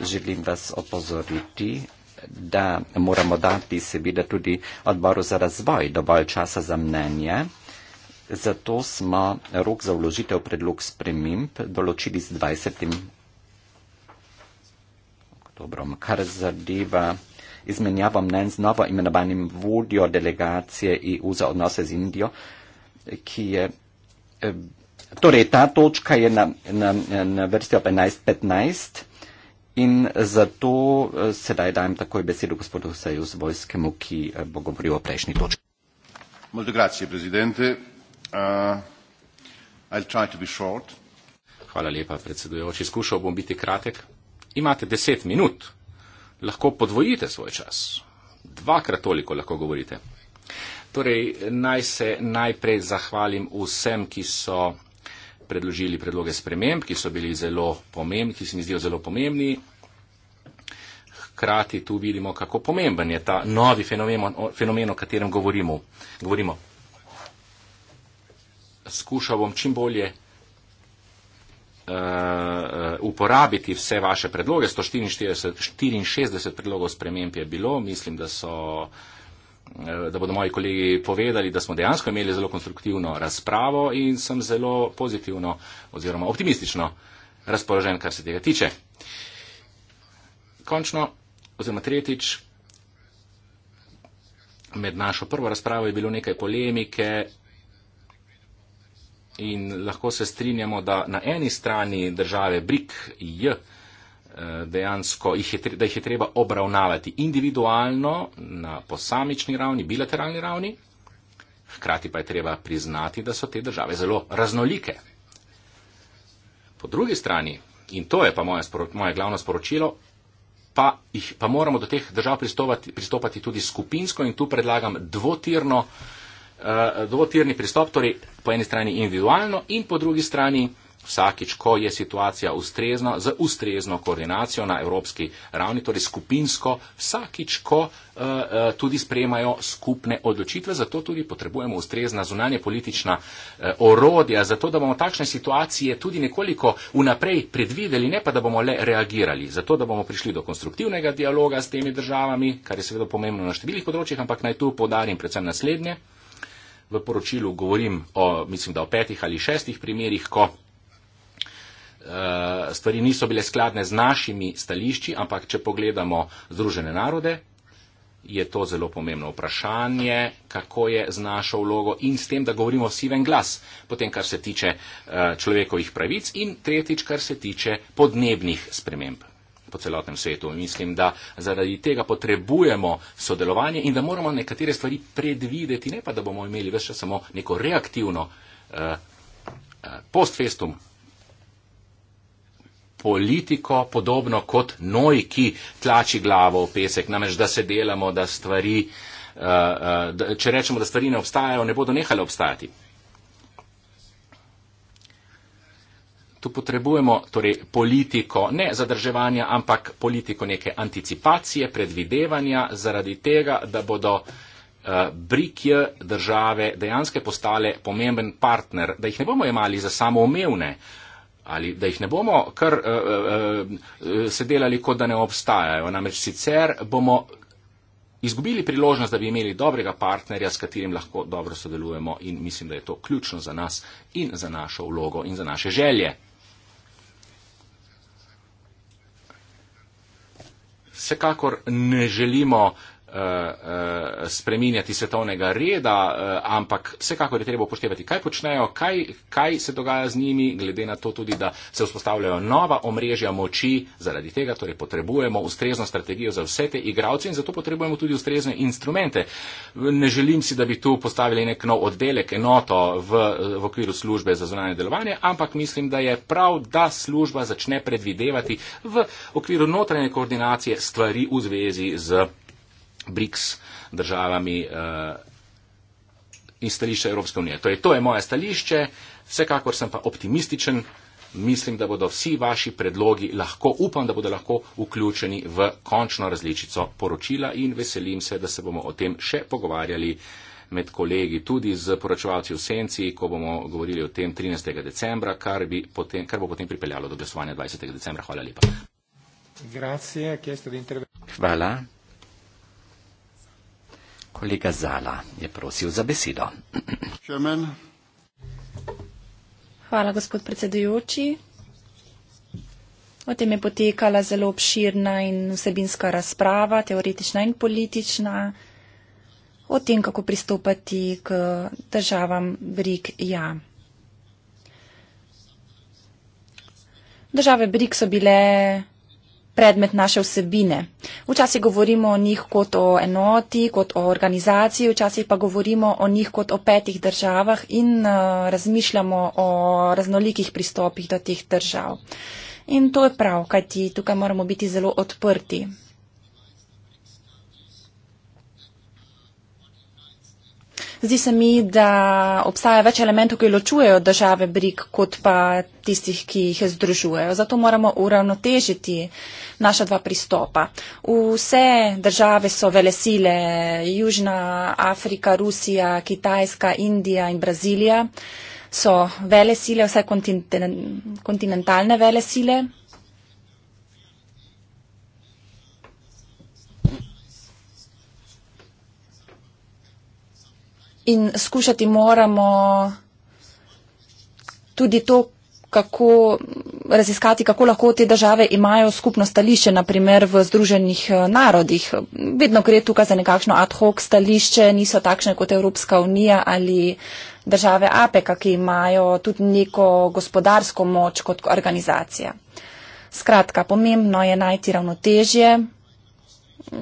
Želim vas opozoriti, da moramo dati seveda tudi odboru za razvoj dovolj časa za mnenje. Zato smo rok za vložitev predlog sprememb določili z 20. oktobrom, kar zadeva izmenjava mnen z novo imenovanim vodjo delegacije EU za odnose z Indijo, ki je. Eh, torej, ta točka je na, na, na vrsti ob 11.15 in zato eh, sedaj dajem takoj besedo gospodu Saju Zvojskemu, ki eh, bo govoril o prejšnji točki. Molte grazie, prezidente. Uh, I'll try to be short. Hvala lepa, predsedujoči. Skušal bom biti kratek. Imate deset minut lahko podvojite svoj čas. Dvakrat toliko lahko govorite. Torej, naj se najprej zahvalim vsem, ki so predložili predloge sprememb, ki so bili zelo pomembni, ki se mi zdijo zelo pomembni. Hkrati tu vidimo, kako pomemben je ta novi fenomen, fenomen o katerem govorimo. govorimo. Skušal bom čim bolje uh, uporabiti vse vaše predloge. 164 predlogov sprememb je bilo. Mislim, da so eh, da bodo moji kolegi povedali, da smo dejansko imeli zelo konstruktivno razpravo in sem zelo pozitivno oziroma optimistično razpoložen, kar se tega tiče. Končno oziroma tretjič, med našo prvo razpravo je bilo nekaj polemike in lahko se strinjamo, da na eni strani države BRIC J eh, dejansko jih je, da jih je treba obravnavati individualno na posamični ravni, bilateralni ravni, hkrati pa je treba priznati, da so te države zelo raznolike. Po drugi strani, in to je pa moje, moje glavno sporočilo, pa, jih, pa moramo do teh držav pristopati, pristopati tudi skupinsko in tu predlagam dvotirno Eh, dvotirni pristop, torej po eni strani individualno in po drugi strani vsakič, ko je situacija ustrezna, z ustrezno koordinacijo na evropski ravni, torej skupinsko, vsakič, ko uh, tudi sprejemajo skupne odločitve, zato tudi potrebujemo ustrezna zunanje politična uh, orodja, zato da bomo takšne situacije tudi nekoliko vnaprej predvideli, ne pa da bomo le reagirali, zato da bomo prišli do konstruktivnega dialoga s temi državami, kar je seveda pomembno na številnih področjih, ampak naj tu podarim predvsem naslednje v poročilu govorim o, mislim, da o petih ali šestih primerjih, ko eh, stvari niso bile skladne z našimi stališči, ampak če pogledamo Združene narode, je to zelo pomembno vprašanje, kako je z našo vlogo in s tem, da govorimo vsi ven glas, potem kar se tiče eh, človekovih pravic in tretjič, kar se tiče podnebnih sprememb po celotnem svetu. Mislim, da zaradi tega potrebujemo sodelovanje in da moramo nekatere stvari predvideti, ne pa da bomo imeli vse samo neko reaktivno eh, eh, postfestum politiko, podobno kot noj, ki tlači glavo v pesek, namreč da se delamo, da stvari, eh, če rečemo, da stvari ne obstajajo, ne bodo nehale obstajati. Tu potrebujemo torej, politiko ne zadrževanja, ampak politiko neke anticipacije, predvidevanja, zaradi tega, da bodo uh, eh, brikje države dejansko postale pomemben partner, da jih ne bomo imali za samoumevne ali da jih ne bomo kar uh, eh, uh, eh, uh, sedelali, kot da ne obstajajo. Namreč sicer bomo izgubili priložnost, da bi imeli dobrega partnerja, s katerim lahko dobro sodelujemo in mislim, da je to ključno za nas in za našo vlogo in za naše želje. vsekakor ne želimo Eh, eh, spreminjati svetovnega reda, eh, ampak vsekakor je treba upoštevati, kaj počnejo, kaj, kaj se dogaja z njimi, glede na to tudi, da se vzpostavljajo nova omrežja moči, zaradi tega torej potrebujemo ustrezno strategijo za vse te igralce in zato potrebujemo tudi ustrezne instrumente. Ne želim si, da bi tu postavili nek nov oddelek, enoto v, v okviru službe za zunanje delovanje, ampak mislim, da je prav, da služba začne predvidevati v okviru notranje koordinacije stvari v zvezi z BRICS državami uh, in stališče Evropske unije. To torej, je, to je moje stališče, vsekakor sem pa optimističen, mislim, da bodo vsi vaši predlogi lahko, upam, da bodo lahko vključeni v končno različico poročila in veselim se, da se bomo o tem še pogovarjali med kolegi, tudi z poročevalci v Senci, ko bomo govorili o tem 13. decembra, kar, potem, kar bo potem pripeljalo do glasovanja 20. decembra. Hvala lepa. Grazie, Hvala. Kolega Zala je prosil za besedo. Hvala, gospod predsedujoči. O tem je potekala zelo obširna in vsebinska razprava, teoretična in politična, o tem, kako pristopati k državam BRIK. Ja. Države BRIK so bile predmet naše vsebine. Včasih govorimo o njih kot o enoti, kot o organizaciji, včasih pa govorimo o njih kot o petih državah in uh, razmišljamo o raznolikih pristopih do teh držav. In to je prav, kajti tukaj moramo biti zelo odprti. Zdi se mi, da obstaja več elementov, ki ločujejo države brik, kot pa tistih, ki jih združujejo. Zato moramo uravnotežiti uh, naša dva pristopa. Vse države so vele sile, Južna Afrika, Rusija, Kitajska, Indija in Brazilija so vele sile, vse kontinen, kontinentalne vele sile. In skušati moramo tudi to, kako raziskati, kako lahko te države imajo skupno stališče, naprimer v Združenih eh, narodih. Vedno gre tukaj za nekakšno ad hoc stališče, niso takšne kot Evropska unija ali države APEC, ki imajo tudi neko gospodarsko moč kot organizacija. Skratka, pomembno je najti ravnotežje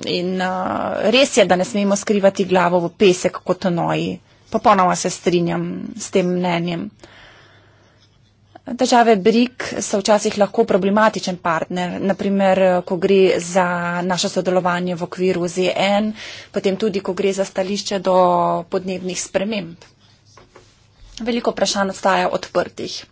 in uh, res je, da ne smemo skrivati glavo v pesek kot noji. Popolnoma se strinjam s tem mnenjem. Države BRIC so včasih lahko problematičen partner, naprimer, ko gre za naše sodelovanje v okviru ZN, potem tudi, ko gre za stališče do podnebnih sprememb. Veliko vprašanj ostaja odprtih.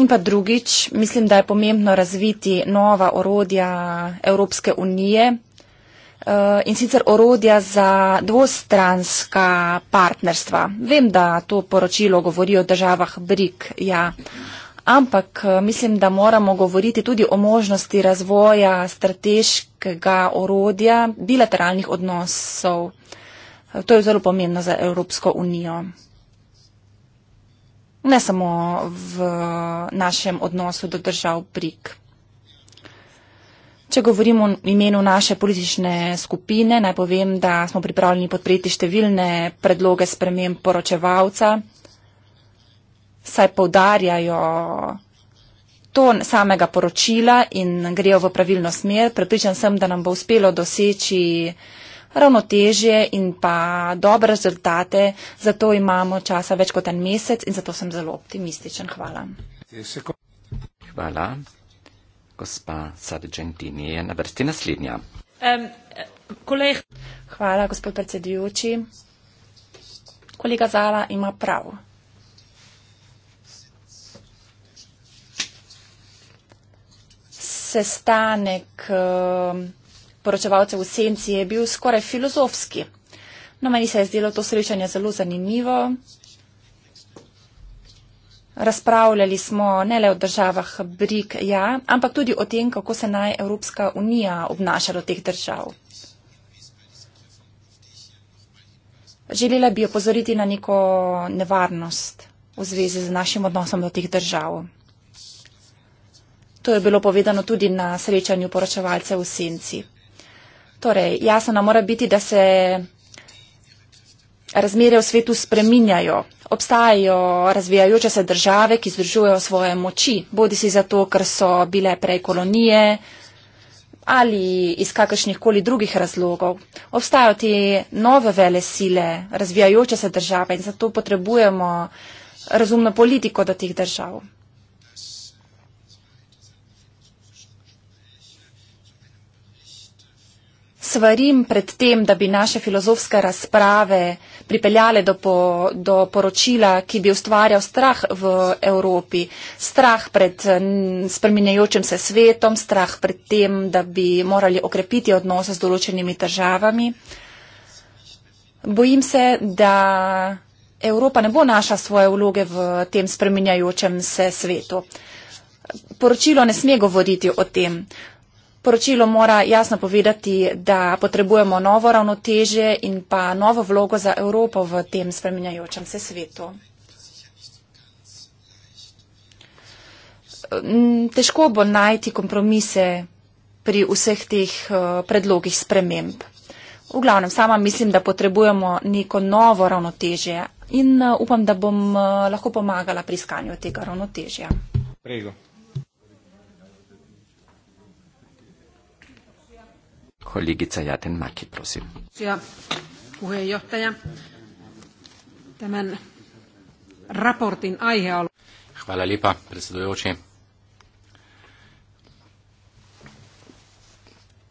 In pa drugič, mislim, da je pomembno razviti nova orodja Evropske unije, Eh, in sicer orodja za dvostranska partnerstva. Vem, da to poročilo govori o državah BRIK, ja. Ampak eh, mislim, da moramo govoriti tudi o možnosti razvoja strateškega orodja bilateralnih odnosov. Eh, to je zelo pomembno za Evropsko unijo. Ne samo v našem odnosu do držav BRIK. Če govorimo o imenu naše politične skupine, naj povem, da smo pripravljeni podpreti številne predloge sprememb poročevalca, saj povdarjajo to samega poročila in grejo v pravilno smer. Pripričan sem, da nam bo uspelo doseči ravnotežje in pa dobre rezultate, zato imamo časa več kot en mesec in zato sem zelo optimističen. Hvala. Hvala gospa Sade Gentini je na vrsti naslednja. Um, koleg... Hvala, gospod predsedujoči. Kolega Zala ima prav. Sestanek um, poročevalcev v senci je bil skoraj filozofski. No, meni se je zdelo to srečanje zelo zanimivo. Razpravljali smo ne le o državah BRIK, ja, ampak tudi o tem, kako se naj Evropska unija obnaša do teh držav. Želela bi opozoriti na neko nevarnost v zvezi z našim odnosom do teh držav. To je bilo povedano tudi na srečanju poročevalcev v Senci. Torej, jasno nam mora biti, da se razmere v svetu spreminjajo. Obstajajo razvijajoče se države, ki združujejo svoje moči, bodi si zato, ker so bile prej kolonije ali iz kakršnih koli drugih razlogov. Obstajajo te nove vele sile, razvijajoče se države in zato potrebujemo razumno politiko do teh držav. svarim pred tem, da bi naše filozofske razprave pripeljale do, po, do poročila, ki bi ustvarjal strah v Evropi, strah pred spreminjajočim se svetom, strah pred tem, da bi morali okrepiti odnose z določenimi državami. Bojim se, da Evropa ne bo naša svoje vloge v tem spreminjajočem se svetu. Poročilo ne sme govoriti o tem. Poročilo mora jasno povedati, da potrebujemo novo ravnotežje in pa novo vlogo za Evropo v tem spremenjajočem se svetu. Mm, težko bo najti kompromise pri vseh teh eh, predlogih sprememb. V glavnem, sama mislim, da potrebujemo neko novo ravnotežje in eh, upam, da bom eh, lahko pomagala pri iskanju tega ravnotežja. Prego. Kollegica Jaten Maki, prosim. Ja, puheenjohtaja. Tämän raportin aihe on... Hvala lepa, predsedujoči.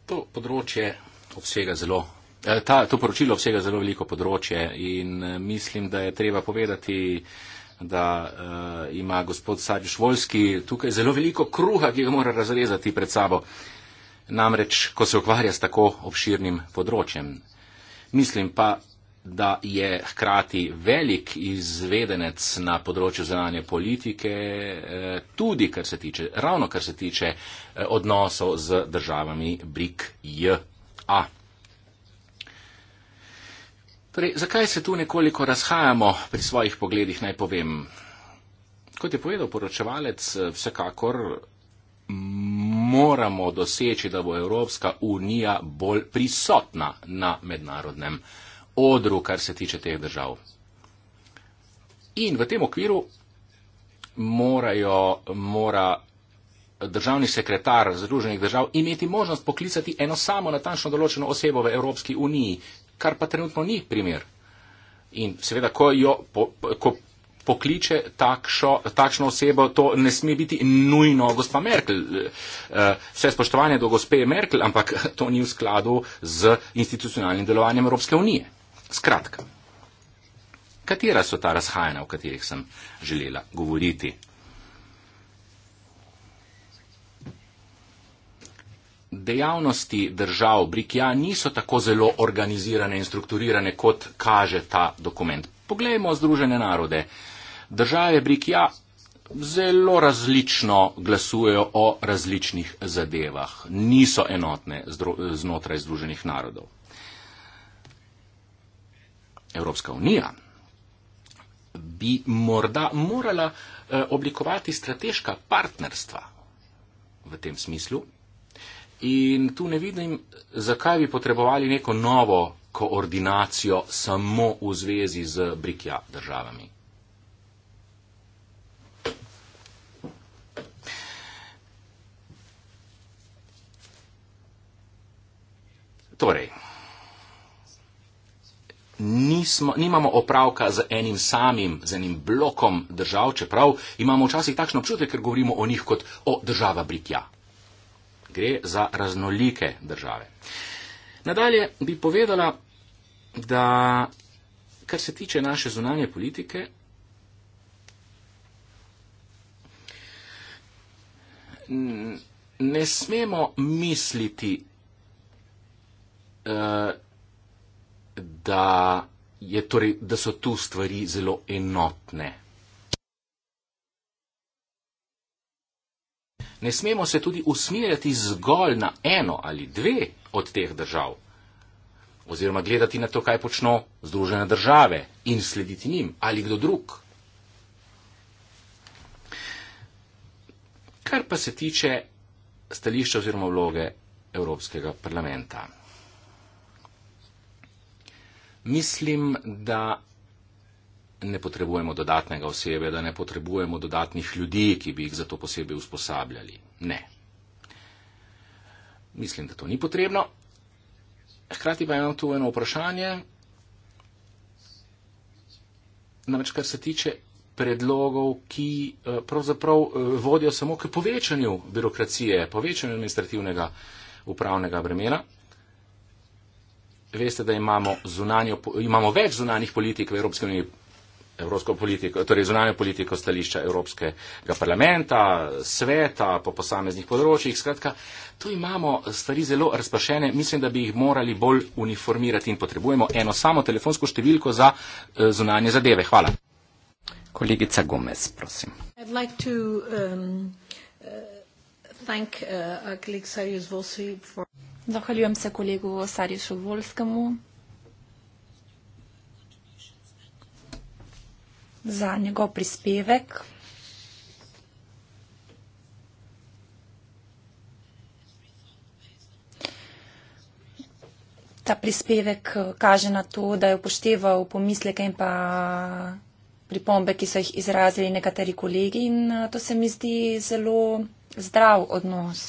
To področje obsega zelo eh, Ta, to poročilo vsega zelo veliko področje in eh, mislim, da je treba povedati, da uh, ima gospod Sadžvolski tukaj zelo veliko kruha, ki ga mora razrezati pred sabo. Uh, namreč ko se ukvarja s tako obširnim področjem. Mislim pa, da je hkrati velik izvedenec na področju zunanje politike, eh, tudi kar se tiče, ravno kar se tiče eh, odnosov z državami BRIC JA. Torej, zakaj se tu nekoliko razhajamo pri svojih pogledih, naj povem. Kot je povedal poročevalec, eh, vsekakor moramo doseči, da bo Evropska unija bolj prisotna na mednarodnem odru, kar se tiče teh držav. In v tem okviru morajo, mora državni sekretar Združenih držav imeti možnost poklicati eno samo natančno določeno osebo v Evropski uniji, kar pa trenutno ni primer. In seveda, ko jo po, po, ko pokliče takšo, takšno osebo, to ne sme biti nujno gospa Merkel. Eh, vse spoštovanje do gospe Merkel, ampak to ni v skladu z institucionalnim delovanjem Evropske unije. Skratka, katera so ta razhajanja, o katerih sem želela govoriti? Dejavnosti držav Brikja niso tako zelo organizirane in strukturirane, kot kaže ta dokument. Poglejmo Združene narode. Uh, države Brikja zelo različno glasujejo o različnih zadevah, niso enotne znotraj Združenih narodov. Evropska unija bi morda morala eh, oblikovati strateška partnerstva v tem smislu in tu ne vidim, zakaj bi potrebovali neko novo koordinacijo samo v zvezi z brikja državami. Torej, nismo, nimamo opravka z enim samim, z enim blokom držav, čeprav imamo včasih takšno občutek, ker govorimo o njih kot o država Britja. Gre za raznolike države. Nadalje bi povedala, da kar se tiče naše zunanje politike, ne smemo misliti, Eh, da, je, torej, da so tu stvari zelo enotne. Ne smemo se tudi usmerjati zgolj na eno ali dve od teh držav, oziroma gledati na to, kaj počno Združene države in slediti njim ali kdo drug. Kar pa se tiče stališča oziroma vloge Evropskega parlamenta. Mislim, da ne potrebujemo dodatnega osebe, da ne potrebujemo dodatnih ljudi, ki bi jih za to posebej usposabljali. Ne. Mislim, da to ni potrebno. Hkrati pa imam tu eno vprašanje. Namreč, kar se tiče predlogov, ki eh, pravzaprav eh, vodijo samo k povečanju birokracije, povečanju administrativnega upravnega bremena veste, da imamo, zunanjo, imamo več zunanjih politik v Evropske unije. Evropsko politiko, torej zunanjo politiko stališča Evropskega parlamenta, sveta po posameznih področjih. Skratka, tu imamo stvari zelo razpršene, mislim, da bi jih morali bolj uniformirati in potrebujemo eno samo telefonsko številko za eh, zunanje zadeve. Hvala. Kolegica Gomez, prosim. Zahvaljujem se kolegu Sarišu Volskemu za njegov prispevek. Ta prispevek kaže na to, da je upošteval pomisleke in pa pripombe, ki so jih izrazili nekateri kolegi in eh, to se mi zdi zelo zdrav odnos.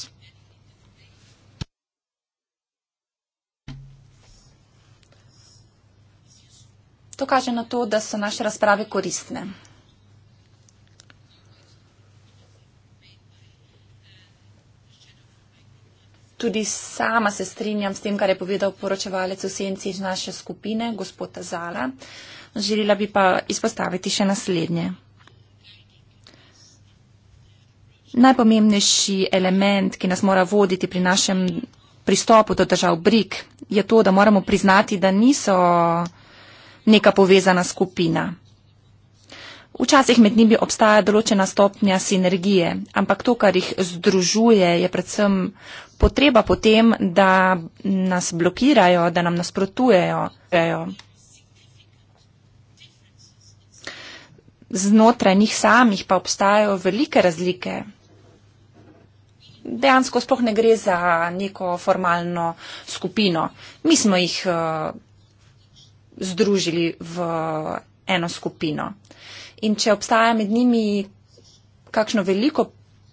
To kaže na to, da so naše razprave koristne. Tudi sama se strinjam s tem, kar je povedal poročevalec v senci iz naše skupine, gospod Zala. Želela bi pa izpostaviti še naslednje. Najpomembnejši element, ki nas mora voditi pri našem pristopu do držav BRIK, je to, da moramo priznati, da niso neka povezana skupina. Včasih med njimi obstaja določena stopnja sinergije, ampak to, kar jih združuje, je predvsem potreba potem, da nas blokirajo, da nam nasprotujejo. Znotraj njih samih pa obstajajo velike razlike. Dejansko sploh ne gre za neko formalno skupino. Mi smo jih. Uh, združili v eno skupino. In če obstaja med njimi kakšno veliko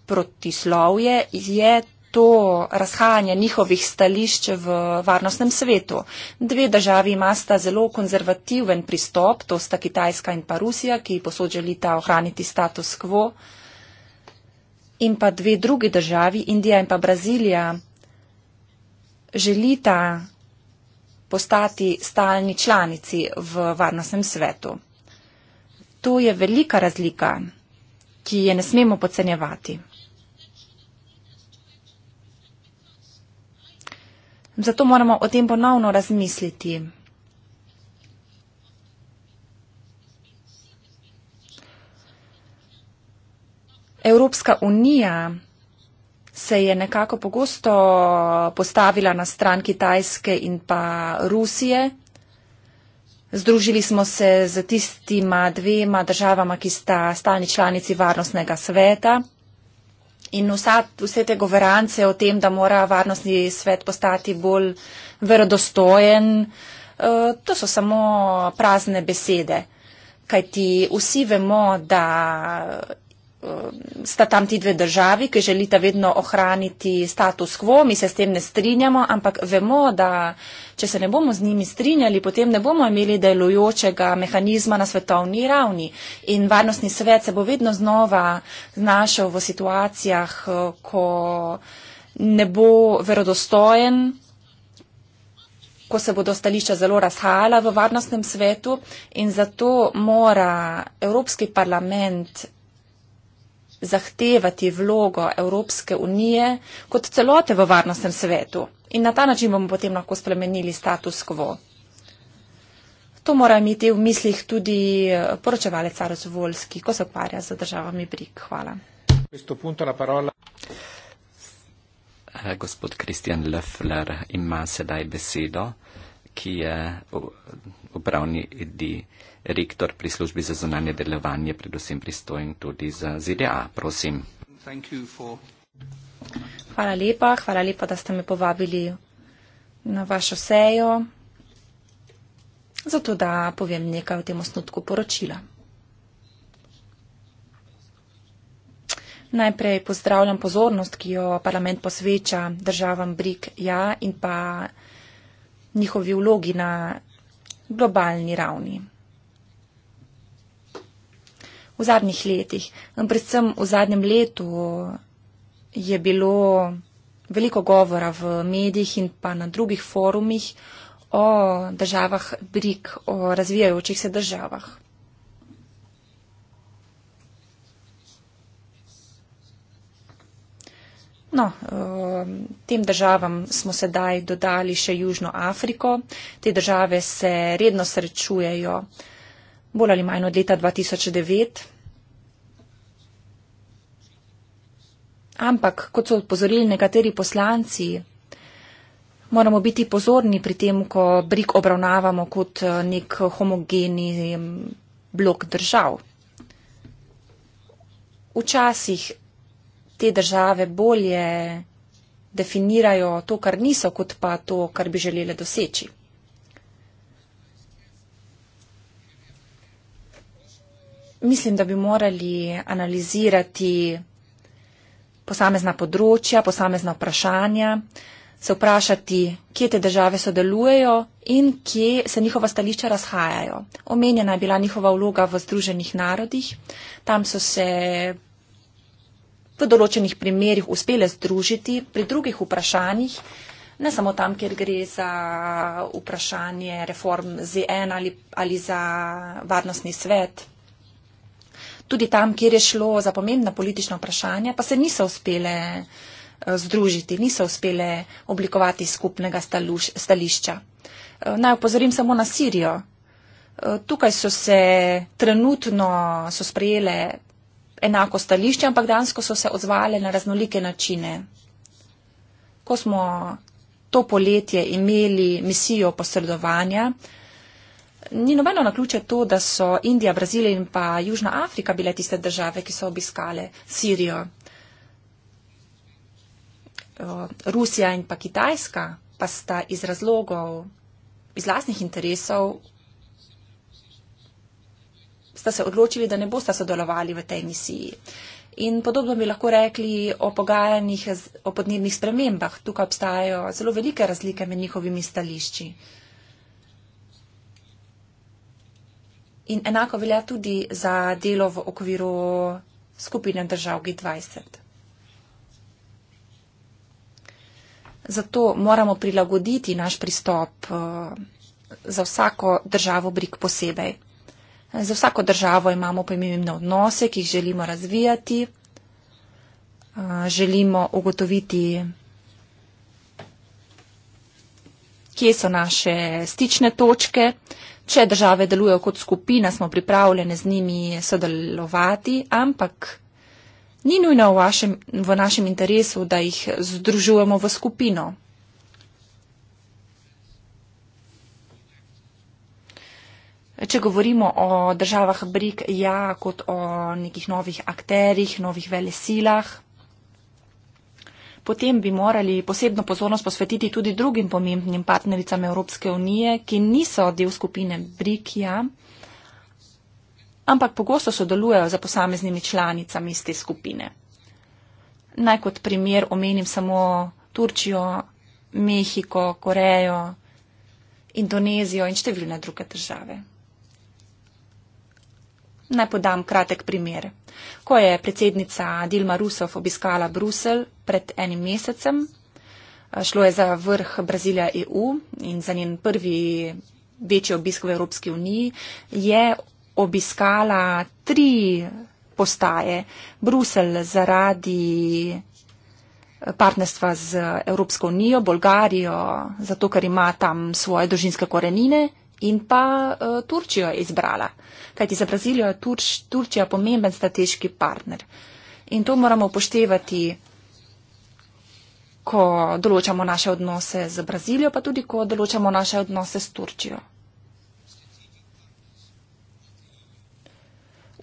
protislovje, je to razhajanje njihovih stališč v varnostnem svetu. Dve državi imata zelo konzervativen pristop, to sta Kitajska in pa Rusija, ki posod želita ohraniti status quo. In pa dve drugi državi, Indija in pa Brazilija, želita postati stalni članici v varnostnem svetu. To je velika razlika, ki je ne smemo podcenjevati. Zato moramo o tem ponovno razmisliti. Evropska unija se je nekako pogosto postavila na stran Kitajske in pa Rusije. Združili smo se z tistima dvema državama, ki sta stalni članici Varnostnega sveta. In vsa, vse te govorance o tem, da mora Varnostni svet postati bolj verodostojen, eh, to so samo prazne besede. Kajti vsi vemo, da Eh, sta tam ti dve državi, ki želita vedno ohraniti status quo, mi se s tem ne strinjamo, ampak vemo, da če se ne bomo z njimi strinjali, potem ne bomo imeli delujočega mehanizma na svetovni ravni in varnostni svet se bo vedno znova znašel v situacijah, eh, ko ne bo verodostojen, ko se bodo stališča zelo razhajala v varnostnem svetu in zato mora Evropski parlament zahtevati vlogo Evropske unije kot celote v varnostnem svetu in na ta način bomo potem lahko spremenili status quo. To mora imeti v mislih tudi eh, poročevalec Aros Volski, ko se ukvarja z državami Brik. Hvala. Eh, gospod Kristjan Lefler ima sedaj besedo, ki je upravni edi rektor pri službi za zunanje delovanje, predvsem pristojen tudi za ZDA. Prosim. Hvala lepa, hvala lepa, da ste me povabili na vašo sejo, zato da povem nekaj o tem osnutku poročila. Najprej pozdravljam pozornost, ki jo parlament posveča državam BRIK ja in pa njihovi vlogi na globalni ravni v zadnjih letih. In no, predvsem v zadnjem letu je bilo veliko govora v medijih in pa na drugih forumih o državah BRIK, o razvijajočih se državah. No, eh, tem državam smo sedaj dodali še Južno Afriko. Te države se redno srečujejo bolj ali manj od leta 2009. Ampak, kot so upozorili nekateri poslanci, moramo biti pozorni pri tem, ko brik obravnavamo kot eh, nek homogeni blok držav. Včasih te države bolje definirajo to, kar niso, kot pa to, kar bi želeli doseči. mislim, da bi morali analizirati posamezna področja, posamezna vprašanja, se vprašati, kje te države sodelujejo in kje se njihova stališča razhajajo. Omenjena je bila njihova vloga v Združenih narodih. Tam so se v določenih primerjih uspele združiti pri drugih vprašanjih, ne samo tam, kjer gre za vprašanje reform ZN ali, ali za varnostni svet tudi tam, kjer je šlo za pomembna politična vprašanja, pa se niso uspele eh, združiti, niso uspele oblikovati skupnega stališ, stališča. Eh, naj upozorim samo na Sirijo. Eh, tukaj so se trenutno so sprejele enako stališče, ampak dansko so se odzvale na raznolike načine. Ko smo to poletje imeli misijo posredovanja, ni nobeno na ključe to, da so Indija, Brazilija in pa Južna Afrika bile tiste države, ki so obiskale Sirijo. Rusija in pa Kitajska pa sta iz razlogov, iz lastnih interesov, sta se odločili, da ne bosta sodelovali v tej misiji. In podobno bi lahko rekli o pogajanjih o podnebnih spremembah. Tukaj obstajajo zelo velike razlike med njihovimi stališči. In enako velja tudi za delo v okviru skupine držav G20. Zato moramo prilagoditi naš pristop eh, za vsako državo brik posebej. Eh, za vsako državo imamo pomembne odnose, ki jih želimo razvijati. Eh, želimo ugotoviti, kje so naše stične točke, Če države delujejo kot skupina, smo pripravljene z njimi sodelovati, ampak ni nujno v, vašem, v našem interesu, da jih združujemo v skupino. Če govorimo o državah BRIC, ja, kot o nekih novih akterjih, novih velesilah potem bi morali posebno pozornost posvetiti tudi drugim pomembnim partnericam Evropske unije, ki niso del skupine BRIKIA, ampak pogosto sodelujejo za posameznimi članicami iz te skupine. Naj kot primer omenim samo Turčijo, Mehiko, Korejo, Indonezijo in številne druge države. Naj podam kratek primer. Ko je predsednica Dilma Rusov obiskala Brusel pred enim mesecem, šlo je za vrh Brazilija EU in za njen prvi večji obisk v Evropski uniji, je obiskala tri postaje. Brusel zaradi e, partnerstva z Evropsko unijo, Bolgarijo, zato ker ima tam svoje družinske korenine in pa uh, Turčijo izbrala. Kajti za Brazilijo je Turč, Turčija pomemben strateški partner. In to moramo upoštevati, ko določamo naše odnose z Brazilijo, pa tudi, ko določamo naše odnose s Turčijo.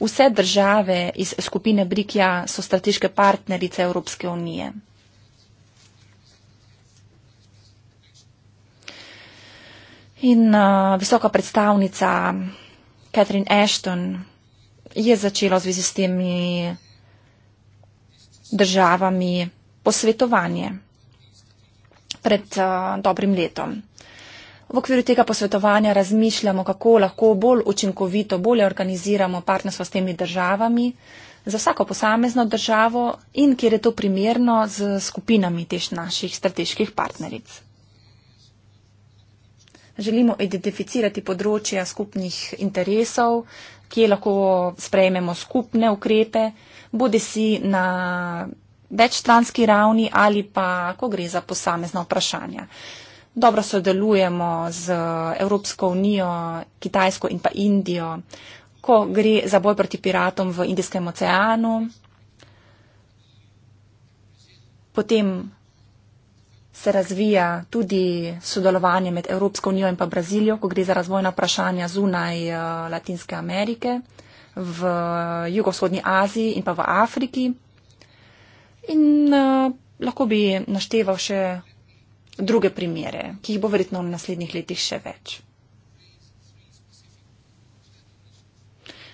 Vse države iz skupine Brikja so strateške partnerice Evropske unije. In uh, visoka predstavnica Catherine Ashton je začela v zvezi s temi državami posvetovanje pred uh, dobrim letom. V okviru tega posvetovanja razmišljamo, kako lahko bolj učinkovito, bolje organiziramo partnerstvo s temi državami za vsako posamezno državo in kjer je to primerno z skupinami teh naših strateških partneric. Želimo identificirati področja skupnih interesov, kje lahko sprejmemo skupne ukrepe, bodi si na večstranski ravni ali pa, ko gre za posamezna vprašanja. Dobro sodelujemo z Evropsko unijo, Kitajsko in pa Indijo, ko gre za boj proti piratom v Indijskem oceanu. Potem se razvija tudi sodelovanje med Evropsko unijo in pa Brazilijo, ko gre za razvojna vprašanja zunaj eh, Latinske Amerike, v jugovzhodni Aziji in pa v Afriki. In uh, lahko bi našteval še druge primere, ki jih bo verjetno v naslednjih letih še več.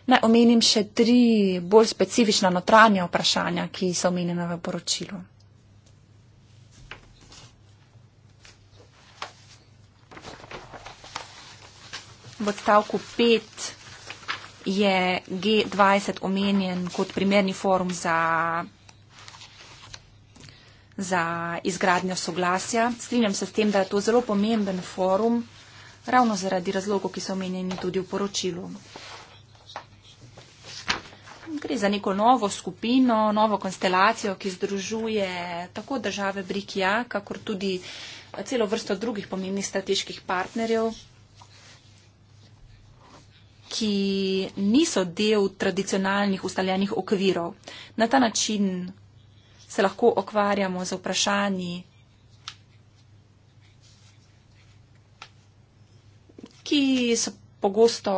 Naj omenim še tri bolj specifična notranja vprašanja, ki so omenjena v poročilu. v odstavku 5 je G20 omenjen kot primerni forum za, za izgradnjo soglasja. Strinjam se s tem, da je to zelo pomemben forum, ravno zaradi razlogov, ki so omenjeni tudi v poročilu. Gre za neko novo skupino, novo konstelacijo, ki združuje tako države Brikija, kakor tudi celo vrsto drugih pomembnih strateških partnerjev ki niso del tradicionalnih ustaljenih okvirov. Na ta način se lahko okvarjamo z vprašanji, ki so pogosto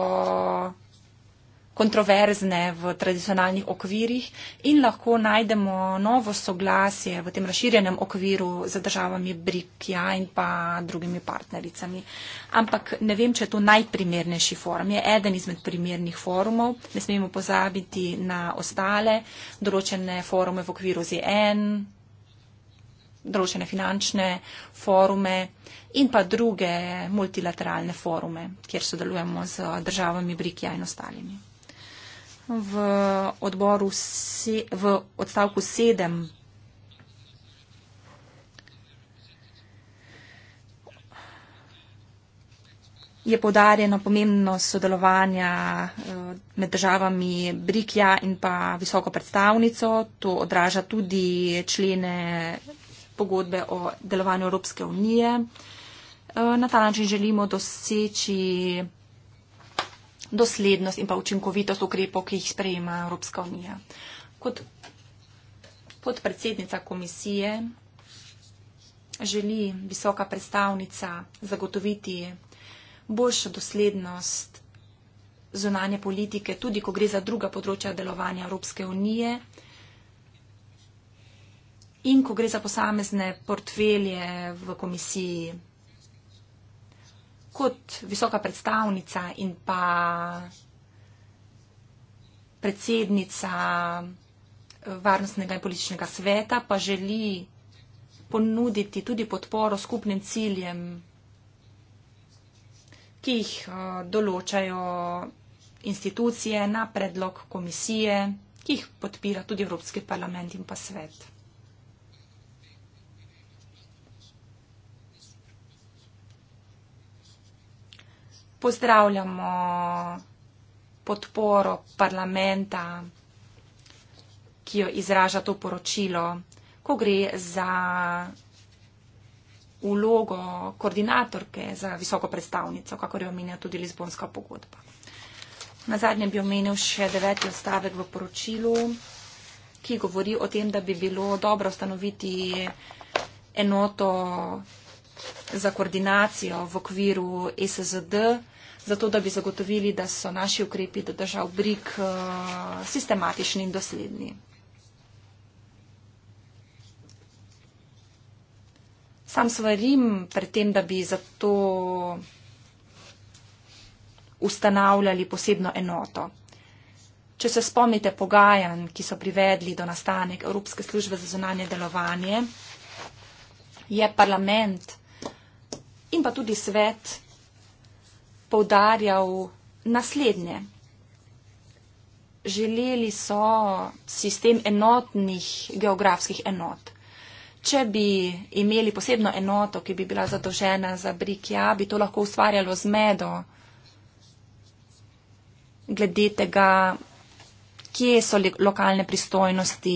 kontroverzne v tradicionalnih okvirih in lahko najdemo novo soglasje v tem razširjenem okviru z državami Brikja in pa drugimi partnericami. Ampak ne vem, če je to najprimernejši forum. Je eden izmed primernih forumov. Ne smemo pozabiti na ostale določene forume v okviru ZN določene finančne forume in pa druge multilateralne forume, kjer sodelujemo z državami Brikija in ostalimi v, odboru se, v odstavku 7. Je podarjeno pomembno sodelovanje eh, med državami Brikja in pa visoko predstavnico. To odraža tudi člene pogodbe o delovanju Evropske unije. Eh, na ta način želimo doseči doslednost in pa učinkovitost ukrepov, ki jih sprejema Evropska unija. Kot podpredsednica komisije želi visoka predstavnica zagotoviti boljšo doslednost zunanje politike, tudi ko gre za druga področja delovanja Evropske unije in ko gre za posamezne portfelje v komisiji kot visoka predstavnica in pa predsednica eh, Varnostnega in političnega sveta pa želi ponuditi tudi podporo skupnim ciljem, ki jih eh, določajo institucije na predlog komisije, ki jih podpira tudi Evropski parlament in pa svet. pozdravljamo podporo parlamenta, ki jo izraža to poročilo, ko gre za ulogo koordinatorke za visoko predstavnico, kakor jo omenja tudi Lizbonska pogodba. Na zadnje bi omenil še deveti odstavek v poročilu, ki govori o tem, da bi bilo dobro ustanoviti enoto za koordinacijo v okviru SZD, zato da bi zagotovili, da so naši ukrepi do držav brik eh, sistematični in dosledni. Sam svarim pred tem, da bi zato ustanavljali posebno enoto. Če se spomnite pogajanj, ki so privedli do nastanek Evropske službe za zunanje delovanje, je parlament in pa tudi svet povdarjal naslednje. Želeli so sistem enotnih geografskih enot. Če bi imeli posebno enoto, ki bi bila zadolžena za brikja, bi to lahko ustvarjalo zmedo glede tega, kje so lokalne pristojnosti,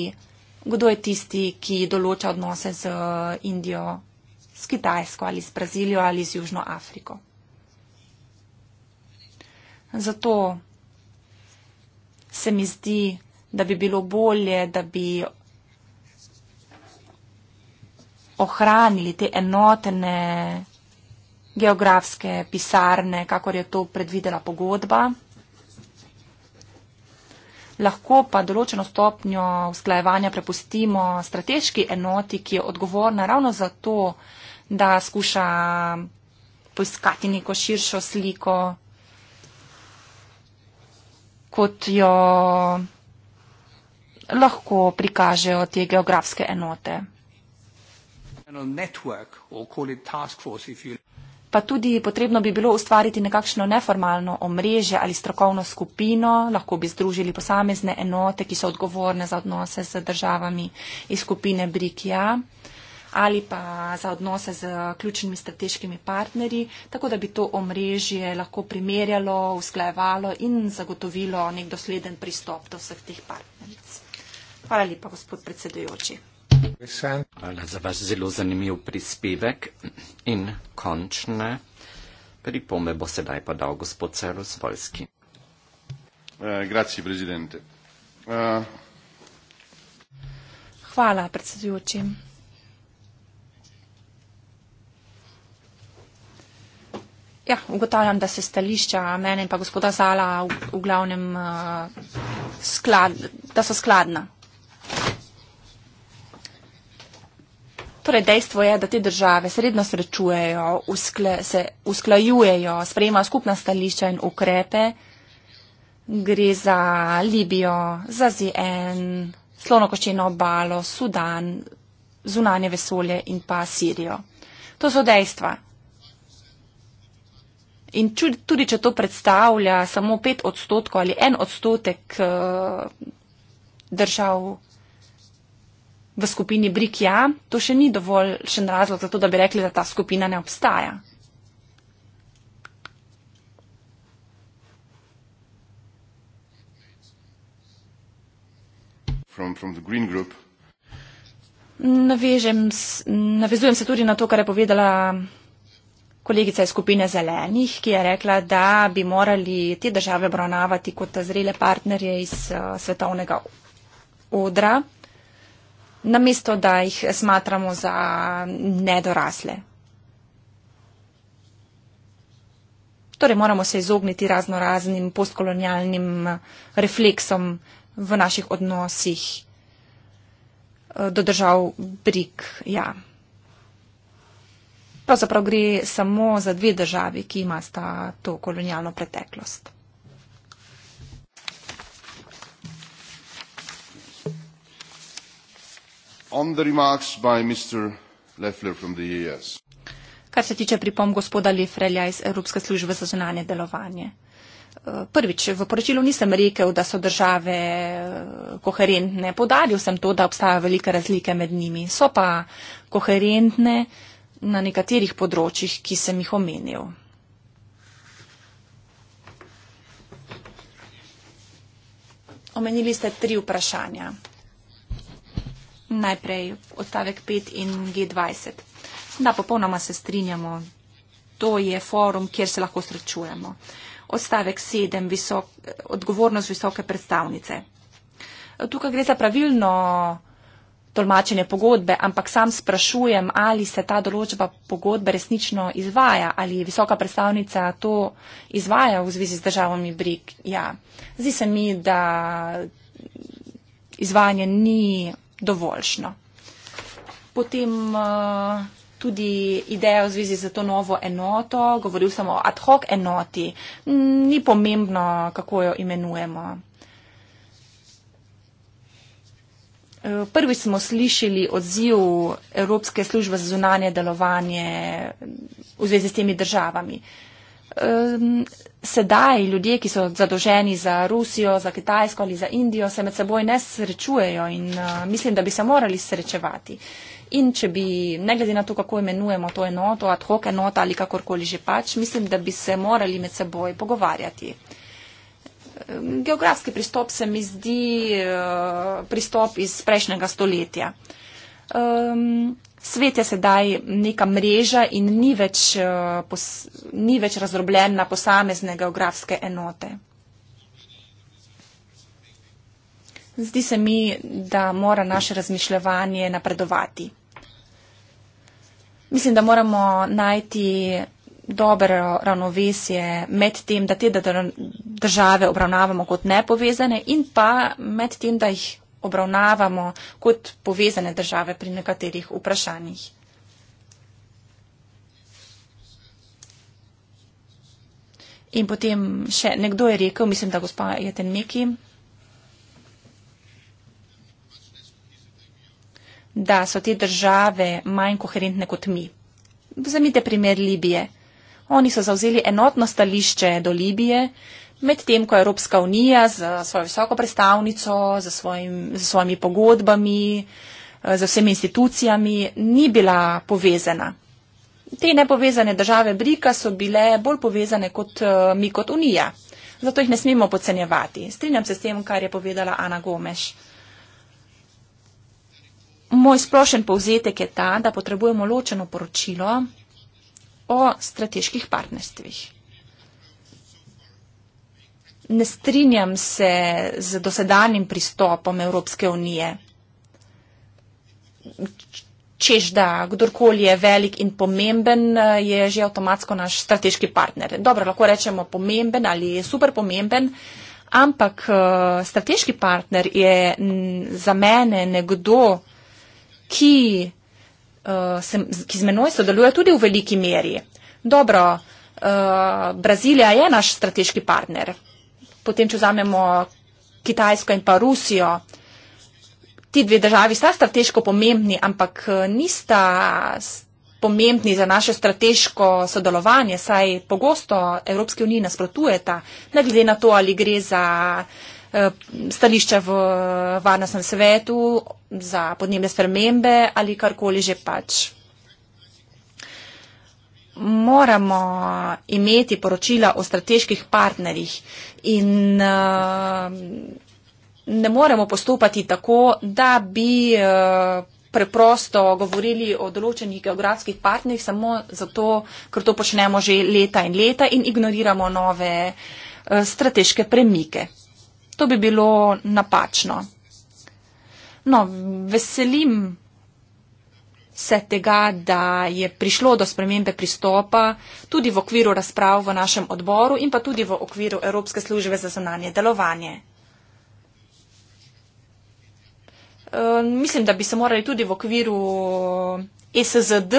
kdo je tisti, ki določa odnose z Indijo s Kitajsko ali s Brazilijo ali z Južno Afriko. Zato se mi zdi, da bi bilo bolje, da bi ohranili te enotene geografske pisarne, kakor je to predvidela pogodba. Lahko pa določeno stopnjo usklajevanja prepustimo strateški enoti, ki je odgovorna ravno za to, da skuša poiskati neko širšo sliko, kot jo lahko prikažejo te geografske enote. Pa tudi potrebno bi bilo ustvariti nekakšno neformalno omrežje ali strokovno skupino, lahko bi združili posamezne enote, ki so odgovorne za odnose z državami iz skupine BRIKIA. -ja ali pa za odnose z ključnimi strateškimi partnerji, tako da bi to omrežje lahko primerjalo, usklajevalo in zagotovilo nek dosleden pristop do vseh teh partneric. Hvala lepa, gospod predsedujoči. Hvala za vaš zelo zanimiv prispevek in končne pripombe bo sedaj podal gospod Cerus Volski. Eh, grazie, presidente. Uh... Hvala, predsedujoči. Ja, ugotavljam, da se stališča mene in pa gospoda Zala v, v glavnem uh, sklad, da so skladna. Torej, dejstvo je, da te države sredno srečujejo, uskle, se usklajujejo, sprejemajo skupna stališča in ukrepe. Gre za Libijo, za ZN, slonokoščeno obalo, Sudan, zunanje vesolje in pa Sirijo. To so dejstva. In čudi, tudi, če to predstavlja samo pet odstotkov ali en odstotek eh, držav v skupini BRIK, ja, to še ni dovoljšen razlog za to, da bi rekli, da ta skupina ne obstaja. From, from navežem, navezujem se tudi na to, kar je povedala kolegica iz skupine zelenih, ki je rekla, da bi morali te države obravnavati kot zrele partnerje iz eh, svetovnega odra, namesto da jih smatramo za nedorasle. Torej moramo se izogniti razno raznim postkolonialnim eh, refleksom v naših odnosih eh, do držav brik. Ja. Pravzaprav gre samo za dve državi, ki ima sta to kolonijalno preteklost. E Kar se tiče pripom gospoda Lefrelja iz Evropske službe za zunanje delovanje. Eh, prvič, v poročilu nisem rekel, da so države eh, koherentne. Podaril sem to, da obstajajo velike razlike med njimi. So pa koherentne na nekaterih področjih, ki sem jih omenil. Omenili ste tri vprašanja. Najprej odstavek 5 in G20. Da, popolnoma se strinjamo. To je forum, kjer se lahko srečujemo. Odstavek 7. Visok, odgovornost visoke predstavnice. Tukaj gre za pravilno tolmačenje pogodbe, ampak sam sprašujem, ali se ta določba pogodbe resnično izvaja, ali visoka predstavnica to izvaja v zvezi z državami BRIK. Ja. Zdi se mi, da izvajanje ni dovoljšno. Potem eh, tudi ideja v zvezi z to novo enoto, govoril sem o ad hoc enoti, ni pomembno, kako jo imenujemo. Eh, prvi smo slišali odziv Evropske službe za zunanje delovanje v zvezi s temi državami. Sedaj ljudje, ki so zadoženi za Rusijo, za Kitajsko ali za Indijo, se med seboj ne srečujejo in eh, mislim, da bi se morali srečevati. In če bi, ne glede na to, kako imenujemo to enoto, ad hoc enota ali kakorkoli že pač, mislim, da bi se morali med seboj pogovarjati geografski pristop se mi zdi eh, pristop iz prejšnjega stoletja. Svet je sedaj neka mreža in ni več, eh, ni več razrobljen na posamezne geografske enote. Zdi se mi, da mora naše razmišljanje napredovati. Mislim, da moramo najti dobro ravnovesje med tem, da te države obravnavamo kot nepovezane in pa med tem, da jih obravnavamo kot povezane države pri nekaterih vprašanjih. In potem še nekdo je rekel, mislim, da gospa je ten neki, da so te države manj koherentne kot mi. Vzemite primer Libije. Oni so zauzeli enotno stališče do Libije, medtem ko Evropska unija z svojo visoko predstavnico, z, svojim, z svojimi pogodbami, eh, z vsemi institucijami ni bila povezana. Te nepovezane države Brika so bile bolj povezane kot eh, mi kot unija. Zato jih ne smemo podcenjevati. Strinjam se s tem, kar je povedala Ana Gomeš. Moj splošen povzetek je ta, da potrebujemo ločeno poročilo, o strateških partnerstvih. Ne strinjam se z dosedanjim pristopom Evropske unije, češ da kdorkoli je velik in pomemben, je že avtomatsko naš strateški partner. Dobro, lahko rečemo pomemben ali super pomemben, ampak eh, strateški partner je za mene nekdo, ki uh, eh, se, ki z menoj sodeluje tudi v veliki meri. Dobro, uh, Brazilija je naš strateški partner. Potem, če vzamemo Kitajsko in pa Rusijo, ti dve državi sta strateško pomembni, ampak eh, nista pomembni za naše strateško sodelovanje, saj pogosto Evropske unije nasprotujeta, ne glede na to, ali gre za uh, Eh, stališča v eh, varnostnem svetu za podnebne spremembe ali karkoli že pač. Moramo imeti poročila o strateških partnerjih in eh, ne moremo postopati tako, da bi preprosto govorili o določenih geografskih partnerjih samo zato, ker to počnemo že leta in leta in ignoriramo nove strateške premike. To bi bilo napačno. No, veselim se tega, da je prišlo do spremembe pristopa tudi v okviru razprav v našem odboru in pa tudi v okviru Evropske službe za zonanje delovanje. E, mislim, da bi se morali tudi v okviru ESZD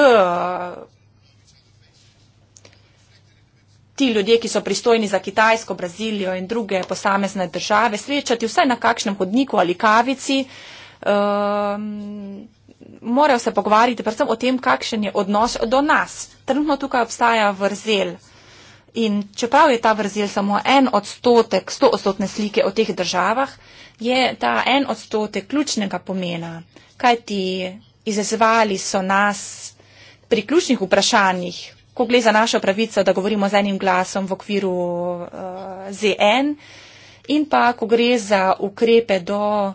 ti ljudje, ki so pristojni za Kitajsko, Brazilijo in druge posamezne države, srečati vsaj na kakšnem hodniku ali kavici. Um, morajo se pogovarjati predvsem o tem, kakšen je odnos do nas. Trenutno tukaj obstaja vrzel. In čeprav je ta vrzel samo en odstotek, sto odstotne slike o teh državah, je ta en odstotek ključnega pomena, kajti izazvali so nas pri ključnih vprašanjih, ko gre za našo pravico, da govorimo z enim glasom v okviru uh, eh, ZN in pa ko gre za ukrepe do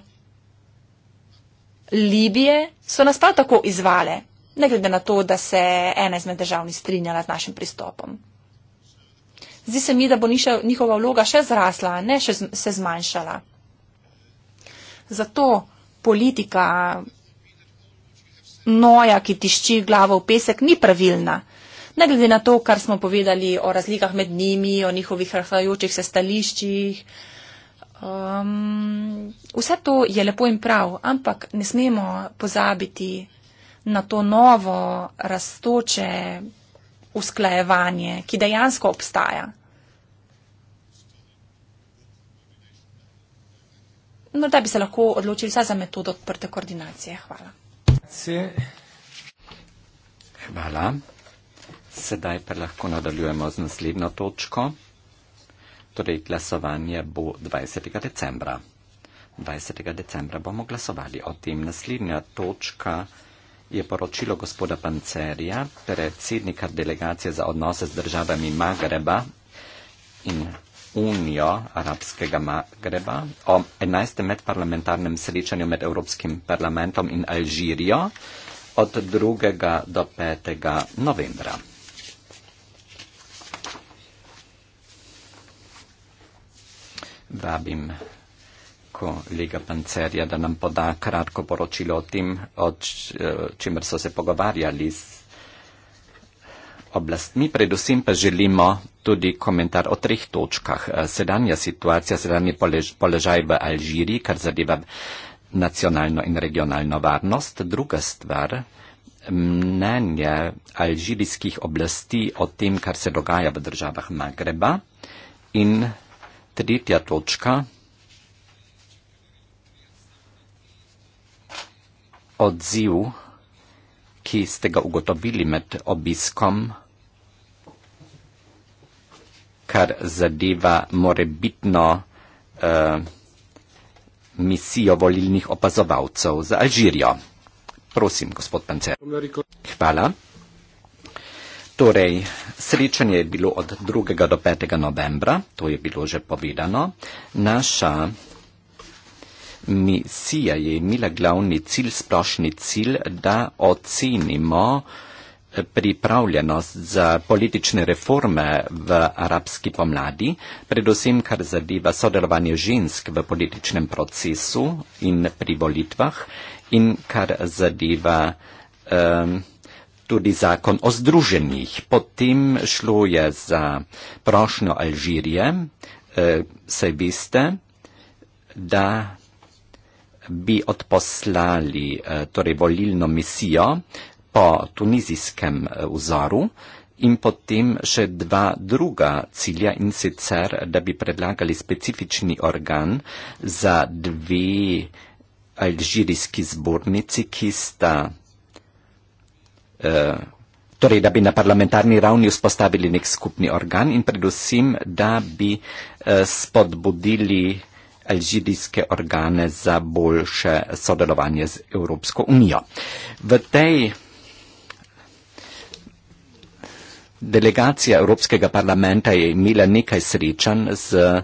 Libije, so nas pa tako izvale, ne glede na to, da se ena izmed držav ni strinjala z našim pristopom. Zdi se mi, da bo niša, njihova vloga še zrasla, ne še z, se zmanjšala. Zato politika noja, ki tišči glavo v pesek, ni pravilna. Ne glede na to, kar smo povedali o razlikah med njimi, o njihovih razhajajočih se stališčih, um, vse to je lepo in prav, ampak ne smemo pozabiti na to novo raztoče usklajevanje, ki dejansko obstaja. Morda bi se lahko odločili za metodo odprte koordinacije. Hvala. Hvala. Sedaj pa lahko nadaljujemo z naslednjo točko, torej glasovanje bo 20. decembra. 20. decembra bomo glasovali o tem. Naslednja točka je poročilo gospoda Pancerija, predsednika delegacije za odnose z državami Magreba in Unijo Arabskega Magreba o 11. medparlamentarnem srečanju med Evropskim parlamentom in Alžirijo od 2. do 5. novembra. vabim kolega Pancerja, da nam poda kratko poročilo o tem, o čemer so se pogovarjali s oblastmi. Predvsem pa želimo tudi komentar o treh točkah. Eh, sedanja situacija, sedanji polež, položaj v Alžiriji, kar zadeva nacionalno in regionalno varnost. Druga stvar, mnenje alžirijskih oblasti o tem, kar se dogaja v državah Magreba in Tretja točka. Odziv, ki ste ga ugotovili med obiskom, kar zadeva morebitno eh, misijo volilnih opazovalcev za Alžirijo. Prosim, gospod Pancer. Hvala. Torej, srečanje je bilo od 2. do 5. novembra, to je bilo že povedano. Naša misija je imela glavni cilj, splošni cilj, da ocenimo eh, pripravljenost za politične reforme v arabski pomladi, predvsem kar zadeva sodelovanje žensk v političnem procesu in pri volitvah in kar zadeva. Um, tudi zakon o združenjih. Potem šlo je za prošnjo Alžirije, eh, saj veste, da bi odposlali eh, torej volilno misijo po tunizijskem eh, vzoru in potem še dva druga cilja in sicer, da bi predlagali specifični organ za dve alžirijski zbornici, ki sta Eh, torej, da bi na parlamentarni ravni vzpostavili nek skupni organ in predvsem, da bi eh, spodbudili alžirijske organe za boljše sodelovanje z Evropsko unijo. V tej delegaciji Evropskega parlamenta je imela nekaj srečanj z uh,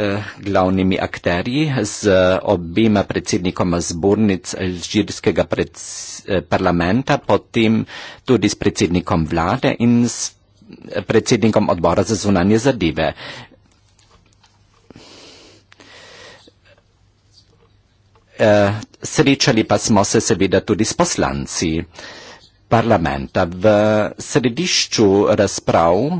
Eh, glavnimi akterji, z obima predsednikoma zbornic alžirskega eh, parlamenta, potem tudi s predsednikom vlade in s eh, predsednikom odbora za zunanje zadeve. Srečali pa smo se seveda tudi s poslanci parlamenta. V središču razprav uh,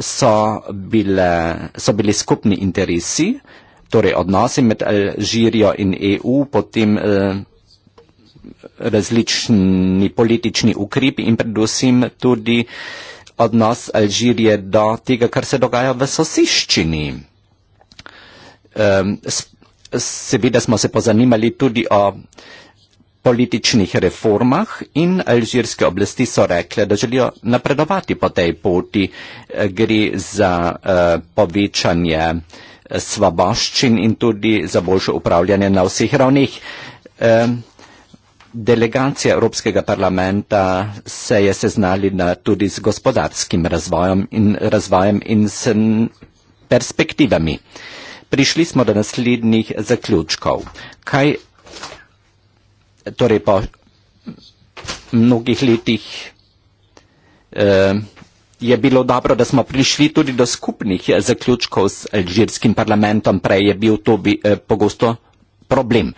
so, bile, so bili skupni interesi, torej odnosi med Alžirijo in EU, potem eh, različni politični ukrepi in predvsem tudi odnos Alžirije do tega, kar se dogaja v sosiščini. Ehm, seveda smo se pozanimali tudi o političnih reformah in alžirske oblasti so rekle, da želijo napredovati po tej poti. Eh, gre za eh, povečanje eh, svoboščin in tudi za boljše upravljanje na vseh ravneh. Eh, delegacija Evropskega parlamenta se je seznalila tudi z gospodarskim razvojem in, razvojem in s perspektivami. Prišli smo do naslednjih zaključkov. Kaj torej po mnogih letih eh, je bilo dobro, da smo prišli tudi do skupnih zaključkov s alžirskim parlamentom, prej je bil to bi, eh, pogosto problem.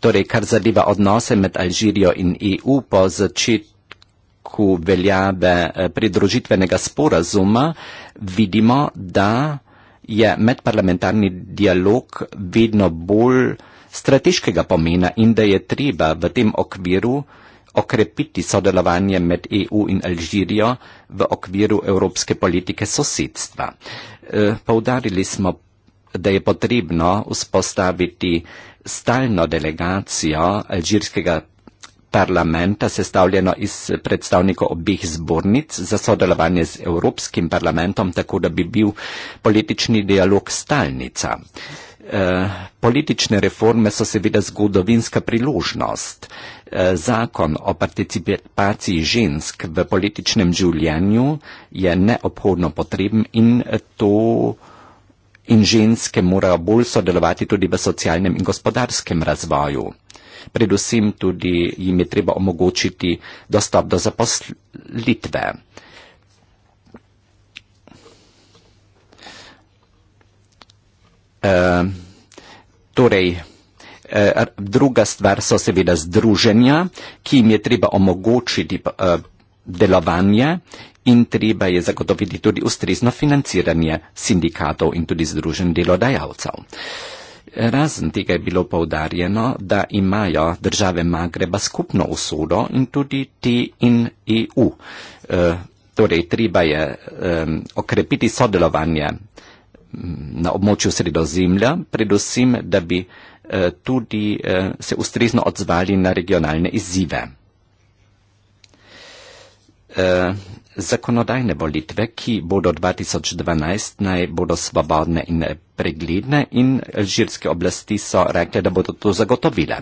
Torej, kar zadeva odnose med Alžirijo in EU po začetku veljave eh, pridružitvenega sporazuma, vidimo, da je medparlamentarni dialog vedno bolj eh, strateškega pomena in da je treba v tem okviru okrepiti sodelovanje med EU in Alžirijo v okviru evropske politike sosedstva. E, poudarili smo, da je potrebno vzpostaviti stalno delegacijo Alžirskega parlamenta, sestavljeno iz predstavnikov obeh zbornic za sodelovanje z Evropskim parlamentom, tako da bi bil politični dialog stalnica eh, politične reforme so seveda zgodovinska priložnost. Eh, zakon o participaciji žensk v političnem življenju je neobhodno potreben in to in ženske morajo bolj sodelovati tudi v socialnem in gospodarskem razvoju. Predvsem tudi jim je treba omogočiti dostop do zaposlitve. Ehm, torej, eh, druga stvar so seveda združenja, ki jim je treba omogočiti eh, delovanje in treba je zagotoviti tudi ustrezno financiranje sindikatov in tudi združen delodajalcev. Razen tega je bilo povdarjeno, da imajo države Magreba skupno usodo in tudi ti in EU. Eh, torej, treba je ehm, okrepiti sodelovanje na območju sredozemlja, predvsem, da bi eh, tudi eh, se ustrezno odzvali na regionalne izzive. Eh, zakonodajne volitve, ki bodo 2012 naj bodo svobodne in pregledne in alžirske oblasti so rekle, da bodo to zagotovile.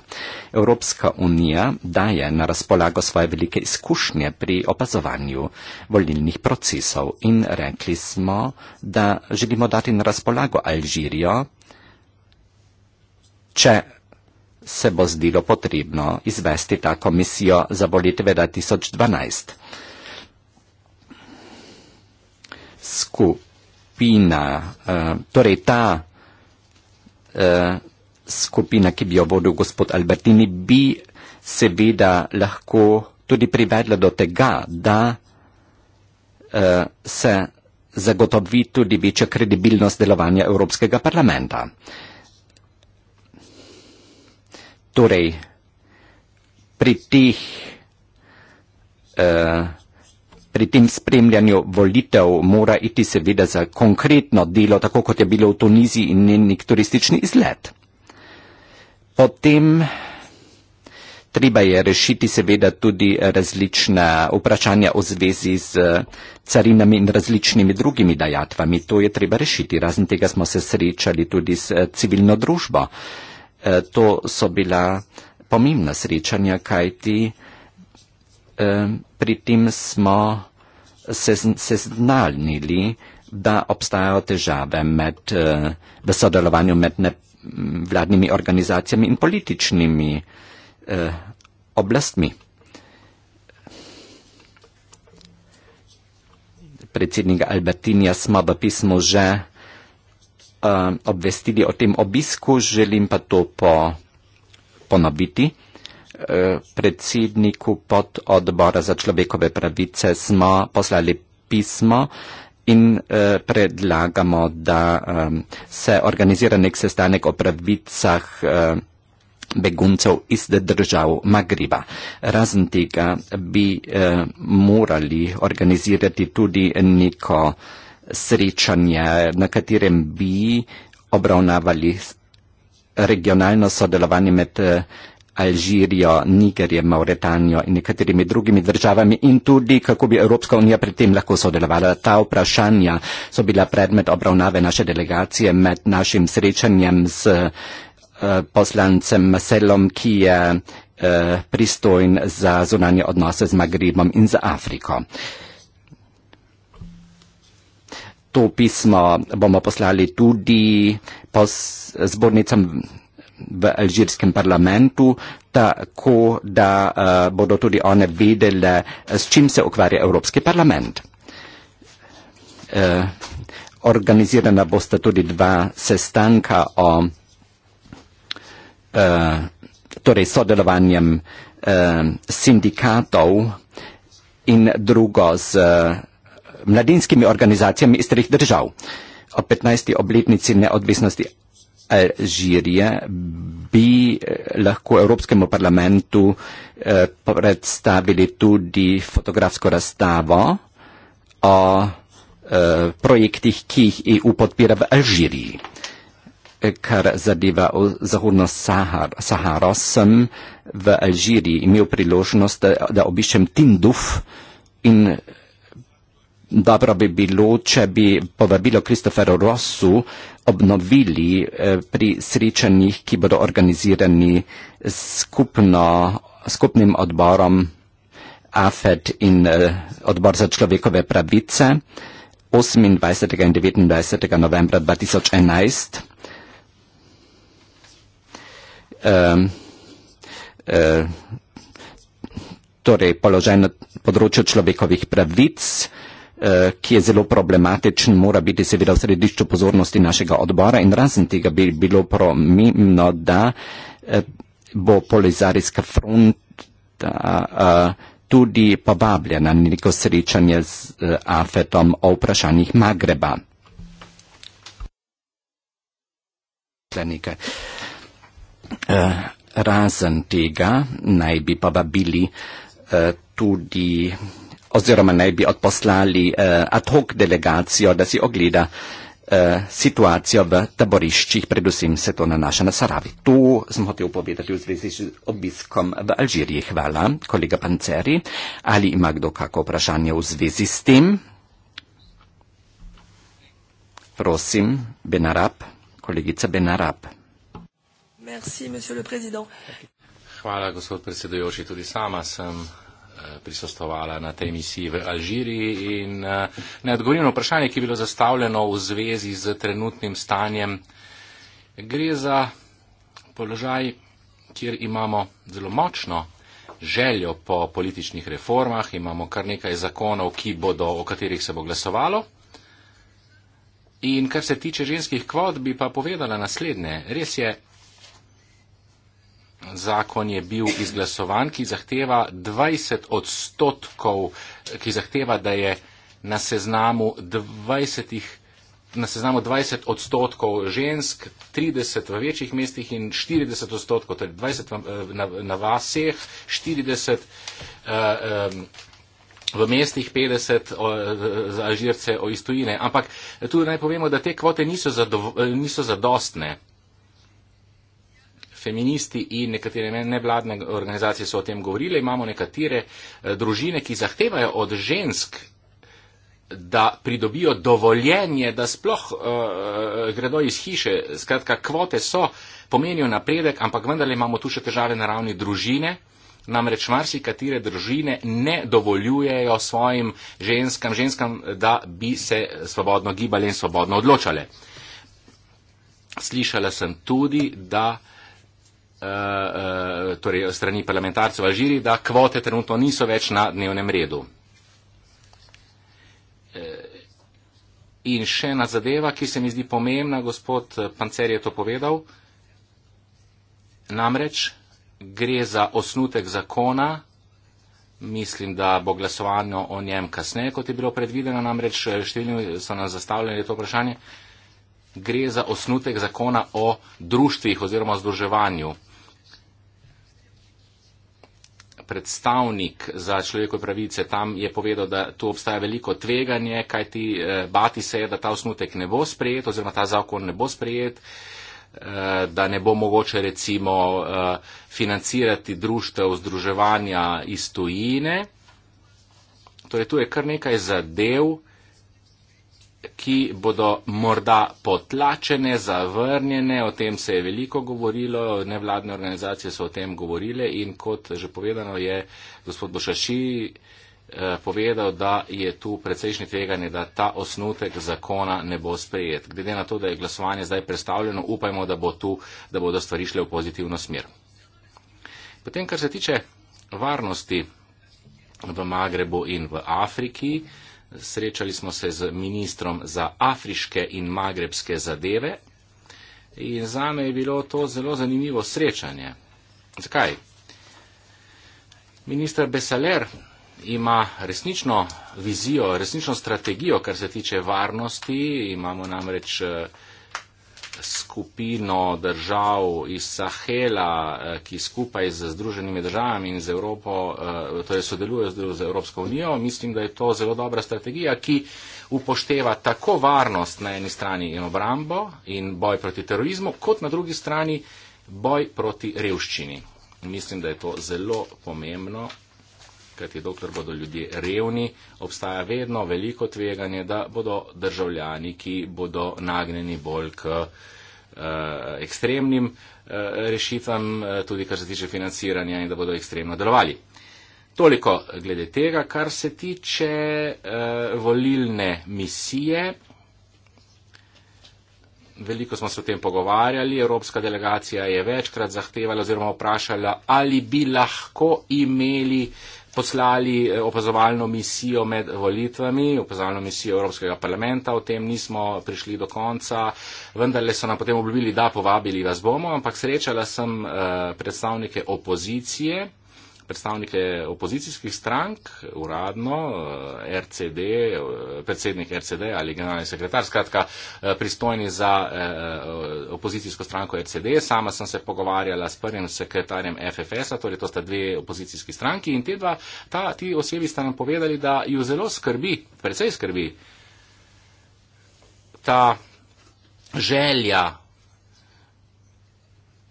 Evropska unija daje na razpolago svoje velike izkušnje pri opazovanju volilnih procesov in rekli smo, da želimo dati na razpolago Alžirijo, če se bo zdelo potrebno izvesti ta komisijo za volitve 2012. Skup skupina, eh, torej ta eh, skupina, ki bi jo vodil gospod Albertini, bi seveda lahko tudi privedla do tega, da eh, se zagotovi tudi večja kredibilnost delovanja Evropskega parlamenta. Torej, pri teh uh, Pri tem spremljanju volitev mora iti seveda za konkretno delo, tako kot je bilo v Tuniziji in nek turistični izlet. Potem treba je rešiti seveda tudi različna vprašanja v zvezi z eh, carinami in različnimi drugimi dajatvami. To je treba rešiti. Razen tega smo se srečali tudi s eh, civilno družbo. Eh, to so bila pomembna srečanja, kajti pri tem smo se seznanili, da obstajajo težave med, eh, v sodelovanju med vladnimi organizacijami in političnimi eh, oblastmi. Predsednika Albertinja smo v pismu že eh, obvestili o tem obisku, želim pa to ponoviti predsedniku pod odbora za človekove pravice smo poslali pismo in eh, predlagamo, da eh, se organizira nek sestanek o pravicah eh, beguncev iz držav Magriba. Razen tega bi morali organizirati tudi neko srečanje, na katerem bi obravnavali regionalno sodelovanje med Alžirijo, Nigerje, Mauretanijo in nekaterimi drugimi državami in tudi, kako bi Evropska unija pri tem lahko sodelovala. Ta vprašanja so bila predmet obravnave naše delegacije med našim srečanjem z eh, poslancem Maselom, ki je eh, pristojn za zunanje odnose z Magribom in z Afriko. To pismo bomo poslali tudi pos zbornicam v alžirskem parlamentu, tako da uh, bodo tudi one vedele, s čim se ukvarja Evropski parlament. Uh, organizirana bosta tudi dva sestanka o uh, torej sodelovanjem uh, sindikatov in drugo z uh, mladinskimi organizacijami iz treh držav. Ob 15. obletnici neodvisnosti Alžirije bi eh, lahko Evropskemu parlamentu eh, predstavili tudi fotografsko razstavo o eh, projektih, ki jih EU podpira v Alžiriji. Kar zadeva v Zahodno Saharo, sem v Alžiriji imel priložnost, da obiščem Tinduf in dobro bi bilo, če bi povabilo Kristoferu Rossu obnovili eh, pri srečanjih, ki bodo organizirani skupno, skupnim odborom AFED in eh, odbor za človekove pravice 28. in 29. novembra 2011. Um, um, torej, položaj na področju človekovih pravic. Eh, ki je zelo problematičen, mora biti seveda v središču pozornosti našega odbora in razen tega bi bilo promimno, da eh, bo polizarijska front eh, tudi povabljena na neko srečanje z Afetom o vprašanjih Magreba. Razen tega naj bi pa bili tudi oziroma naj bi odposlali eh, ad hoc delegacijo, da si ogleda eh, situacijo v taboriščih, predvsem se to nanaša na Saravi. Tu sem hotel povedati v zvezi z obiskom v Alžiriji. Hvala, kolega Panceri. Ali ima kdo kako vprašanje v zvezi s tem? Prosim, Benarab, kolegica Benarab. Merci, Hvala, gospod predsedujoči, tudi sama sem Eh, prisostovala na tej misiji v Alžiriji in eh, ne odgovorim na vprašanje, ki je bilo zastavljeno v zvezi z trenutnim stanjem. Gre za položaj, kjer imamo zelo močno željo po političnih reformah, imamo kar nekaj zakonov, bodo, o katerih se bo glasovalo. In kar se tiče ženskih kvot, bi pa povedala naslednje. Res je, zakon je bil izglasovan, ki zahteva 20 odstotkov, ki zahteva, da je na seznamu 20, na seznamu 20 odstotkov žensk, 30 v večjih mestih in 40 odstotkov, torej 20 eh, na, na vaseh, 40 eh, v mestih, 50 za žirce o iz tujine. Ampak tu naj povemo, da te kvote niso zadostne feministi in nekatere nevladne organizacije so o tem govorile. Imamo nekatere eh, družine, ki zahtevajo od žensk, da pridobijo dovoljenje, da sploh uh, gredo iz hiše. Skratka, kvote so, pomenijo napredek, ampak vendarle imamo tu še težave na ravni družine. Namreč marsikatere družine ne dovoljujejo svojim ženskam, ženskam, da bi se svobodno gibali in svobodno odločale. Slišala sem tudi, da uh, Eh, eh, torej strani parlamentarcev v Alžiri, da kvote trenutno niso več na dnevnem redu. Eh, in še ena zadeva, ki se mi zdi pomembna, gospod Pancer je to povedal, namreč gre za osnutek zakona, mislim, da bo glasovanje o njem kasneje, kot je bilo predvideno, namreč številni so nam zastavljali to vprašanje, gre za osnutek zakona o društvih oziroma združevanju predstavnik za človekove pravice tam je povedal, da tu obstaja veliko tveganje, kaj ti eh, bati se je, da ta osnutek ne bo sprejet oziroma ta zakon ne bo sprejet, eh, da ne bo mogoče recimo eh, financirati društev združevanja iz tujine. Torej, tu je kar nekaj zadev, ki bodo morda potlačene, zavrnjene. O tem se je veliko govorilo, nevladne organizacije so o tem govorile in kot že povedano je gospod Bošaši eh, povedal, da je tu precejšnje tveganje, da ta osnutek zakona ne bo sprejet. Glede na to, da je glasovanje zdaj predstavljeno, upajmo, da, bo tu, da bodo stvari šle v pozitivno smer. Potem, kar se tiče varnosti v Magrebu in v Afriki, eh, srečali smo se z ministrom za afriške in magrebske zadeve in zame je bilo to zelo zanimivo srečanje. Zakaj? Ministr Besaler ima resnično vizijo, resnično strategijo, kar se tiče varnosti. Imamo namreč uh, skupino držav iz Sahela, eh, ki skupaj z Združenimi državami in z Evropo, eh, torej sodeluje z Evropsko unijo. Mislim, da je to zelo dobra strategija, ki upošteva tako varnost na eni strani in obrambo in boj proti terorizmu, kot na drugi strani boj proti revščini. Mislim, da je to zelo pomembno kajti dokler bodo ljudje revni, obstaja vedno veliko tveganje, da bodo državljani, ki bodo nagnjeni bolj k eh, ekstremnim eh, rešitvam, eh, tudi kar se tiče financiranja in da bodo ekstremno delovali. Toliko glede tega, kar se tiče volilne misije. Veliko smo se o tem pogovarjali. Evropska delegacija je večkrat zahtevala oziroma vprašala, ali bi lahko imeli uh, poslali eh, opazovalno misijo med volitvami, opazovalno misijo Evropskega parlamenta, o tem nismo prišli do konca, vendarle so nam potem obljubili, da povabili vas bomo, ampak srečala sem eh, predstavnike opozicije predstavnike opozicijskih strank, uradno, eh, RCD, eh, predsednik RCD ali generalni sekretar, skratka, eh, pristojni za opozicijsko stranko RCD. Sama sem se pogovarjala s prvim sekretarjem FFS-a, torej to sta dve opozicijski stranki in te dva, ta, ti osebi sta nam povedali, da ju zelo skrbi, precej skrbi ta želja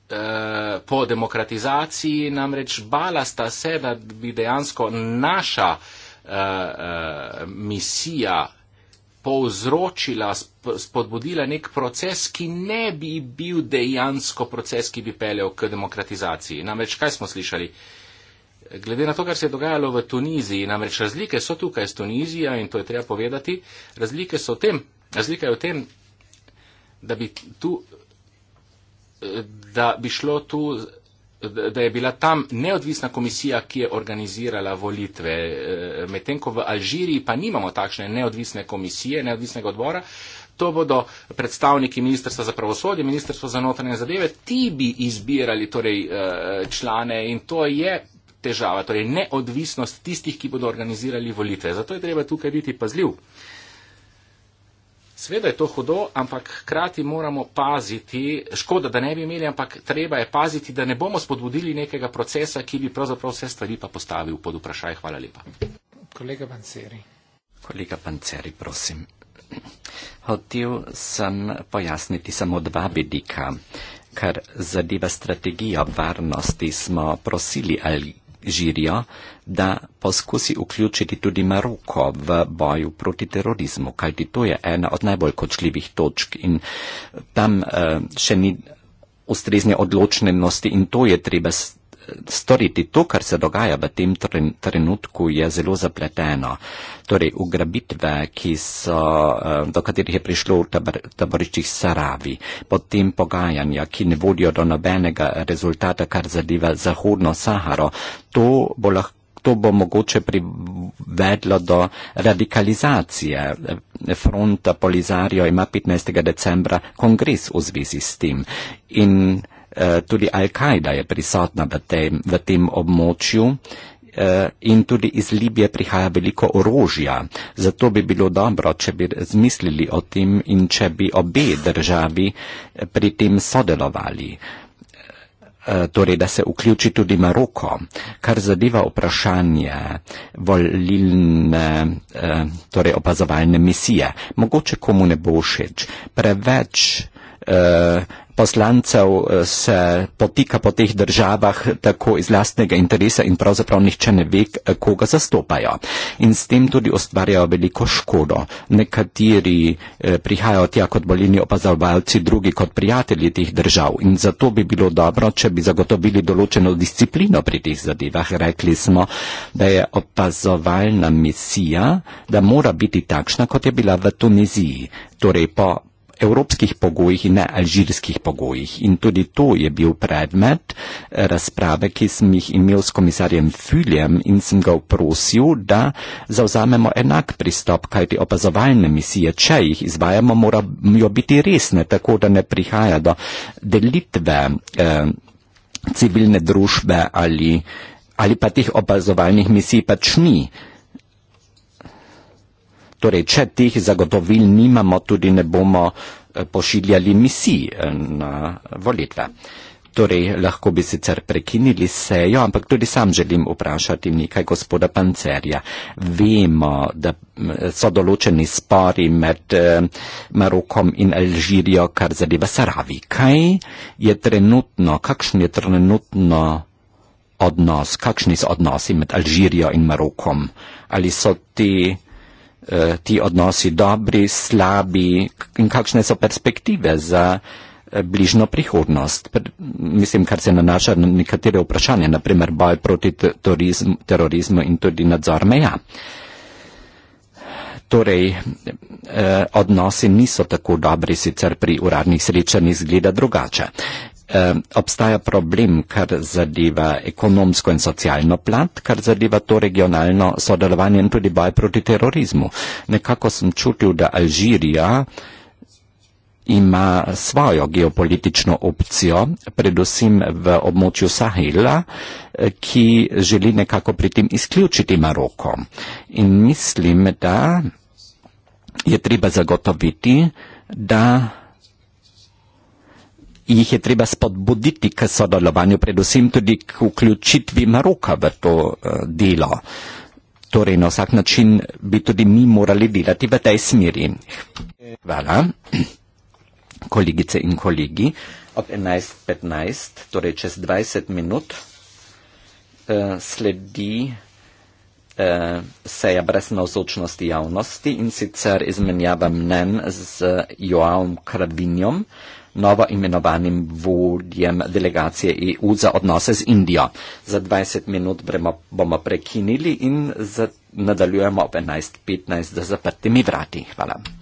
Eh, po demokratizaciji namreč bala sta se, da bi dejansko naša eh, eh, misija povzročila, spodbudila nek proces, ki ne bi bil dejansko proces, ki bi peljal k demokratizaciji. Namreč kaj smo slišali? Glede na to, kar se je dogajalo v Tuniziji, namreč razlike so tukaj s Tunizijo in to je treba povedati, razlike so v tem, razlika je v tem, da bi tu da bi šlo tu, da je bila tam neodvisna komisija, ki je organizirala volitve. Medtem ko v Alžiriji pa nimamo takšne neodvisne komisije, neodvisnega odbora, to bodo predstavniki Ministrstva za pravosodje, Ministrstva za notranje zadeve, ti bi izbirali torej, eh, člane in to je. Težava, torej neodvisnost tistih, ki bodo organizirali volitve. Zato je treba tukaj biti pazljiv. Sveda je to hudo, ampak hkrati moramo paziti, škoda, da ne bi imeli, ampak treba je paziti, da ne bomo spodbudili nekega procesa, ki bi pravzaprav vse stvari pa postavil pod vprašaj. Hvala lepa. Kolega Panceri. Kolega Panceri, prosim. Hotel sem pojasniti samo dva vidika. Kar zadeva strategijo varnosti, smo prosili ali. Žirijo, da poskusi vključiti tudi Maroko v boju proti terorizmu, kajti to je ena od najbolj kočljivih točk in eh, tam uh, še ni ustrezne odločnenosti in to je treba storiti to, kar se dogaja v tem trenutku, je zelo zapleteno. Torej, ugrabitve, so, eh, do katerih je prišlo v taboriščih Saravi, potem pogajanja, ki ne vodijo do nobenega rezultata, kar zadeva Zahodno Saharo, to bo lahko. To bo mogoče privedlo do radikalizacije. Fronta Polizario ima 15. decembra kongres v zvezi s tem. In Eh, tudi Al-Kajda je prisotna v, tej, v tem območju eh, in tudi iz Libije prihaja veliko orožja. Zato bi bilo dobro, če bi razmislili o tem in če bi obe državi eh, pri tem sodelovali. Torej, da se vključi tudi Maroko, kar zadeva vprašanje volilne, torej opazovalne misije. Mogoče komu ne bo všeč. Preveč poslancev eh, se potika po teh državah tako iz lastnega interesa in pravzaprav nihče ne ve, koga zastopajo. In s tem tudi ustvarjajo veliko škodo. Nekateri eh, prihajajo tja kot bolini opazovalci, drugi kot prijatelji teh držav. In zato bi bilo dobro, če bi zagotovili določeno disciplino pri teh zadevah. Rekli smo, da je opazovalna misija, da mora biti takšna, kot je bila v Tuniziji. Torej po evropskih pogojih in ne alžirskih pogojih. In tudi to je bil predmet eh, razprave, ki sem jih imel s komisarjem Füljem in sem ga vprosil, da zauzamemo enak pristop, kajti opazovalne misije, če jih izvajamo, morajo biti resne, tako da ne prihaja do delitve eh, civilne družbe ali, ali pa teh opazovalnih misij pač ni. Torej, če teh zagotovil nimamo, tudi ne bomo eh, pošiljali misij eh, na volitve. Torej, lahko bi sicer prekinili sejo, ampak tudi sam želim vprašati nekaj gospoda Pancerja. Vemo, da so določeni spori med eh, Marokom in Alžirijo, kar zadeva Saravi. Kaj je trenutno, kakšen je trenutno odnos, kakšni so odnosi med Alžirijo in Marokom? Ali so ti. Te... Eh, ti odnosi dobri, slabi in kakšne so perspektive za eh, bližno prihodnost. Mislim, kar se nanaša na nekatere vprašanja, naprimer boj proti terorizmu, terorizmu in tudi nadzor meja. Torej, eh, odnosi niso tako dobri, sicer pri uradnih srečanjih izgleda drugače. Eh, obstaja problem, kar zadeva ekonomsko in socialno plat, kar zadeva to regionalno sodelovanje in tudi boj proti terorizmu. Nekako sem čutil, da Alžirija ima svojo geopolitično opcijo, predvsem v območju Sahela, eh, ki želi nekako pri tem izključiti Maroko. In mislim, da je treba zagotoviti, da jih je treba spodbuditi k sodelovanju, predvsem tudi k vključitvi Maroka v to eh, delo. Torej, na vsak način bi tudi mi morali delati v tej smeri. Hvala, kolegice in kolegi. Ob 11.15, torej čez 20 minut, eh, sledi eh, seja brez navzočnosti javnosti in sicer izmenjava mnen z Joavom Kravinjom novo imenovanim vodjem delegacije EU za odnose z Indijo. Za 20 minut bremo, bomo prekinili in za, nadaljujemo ob 11.15 za zaprtimi vrati. Hvala.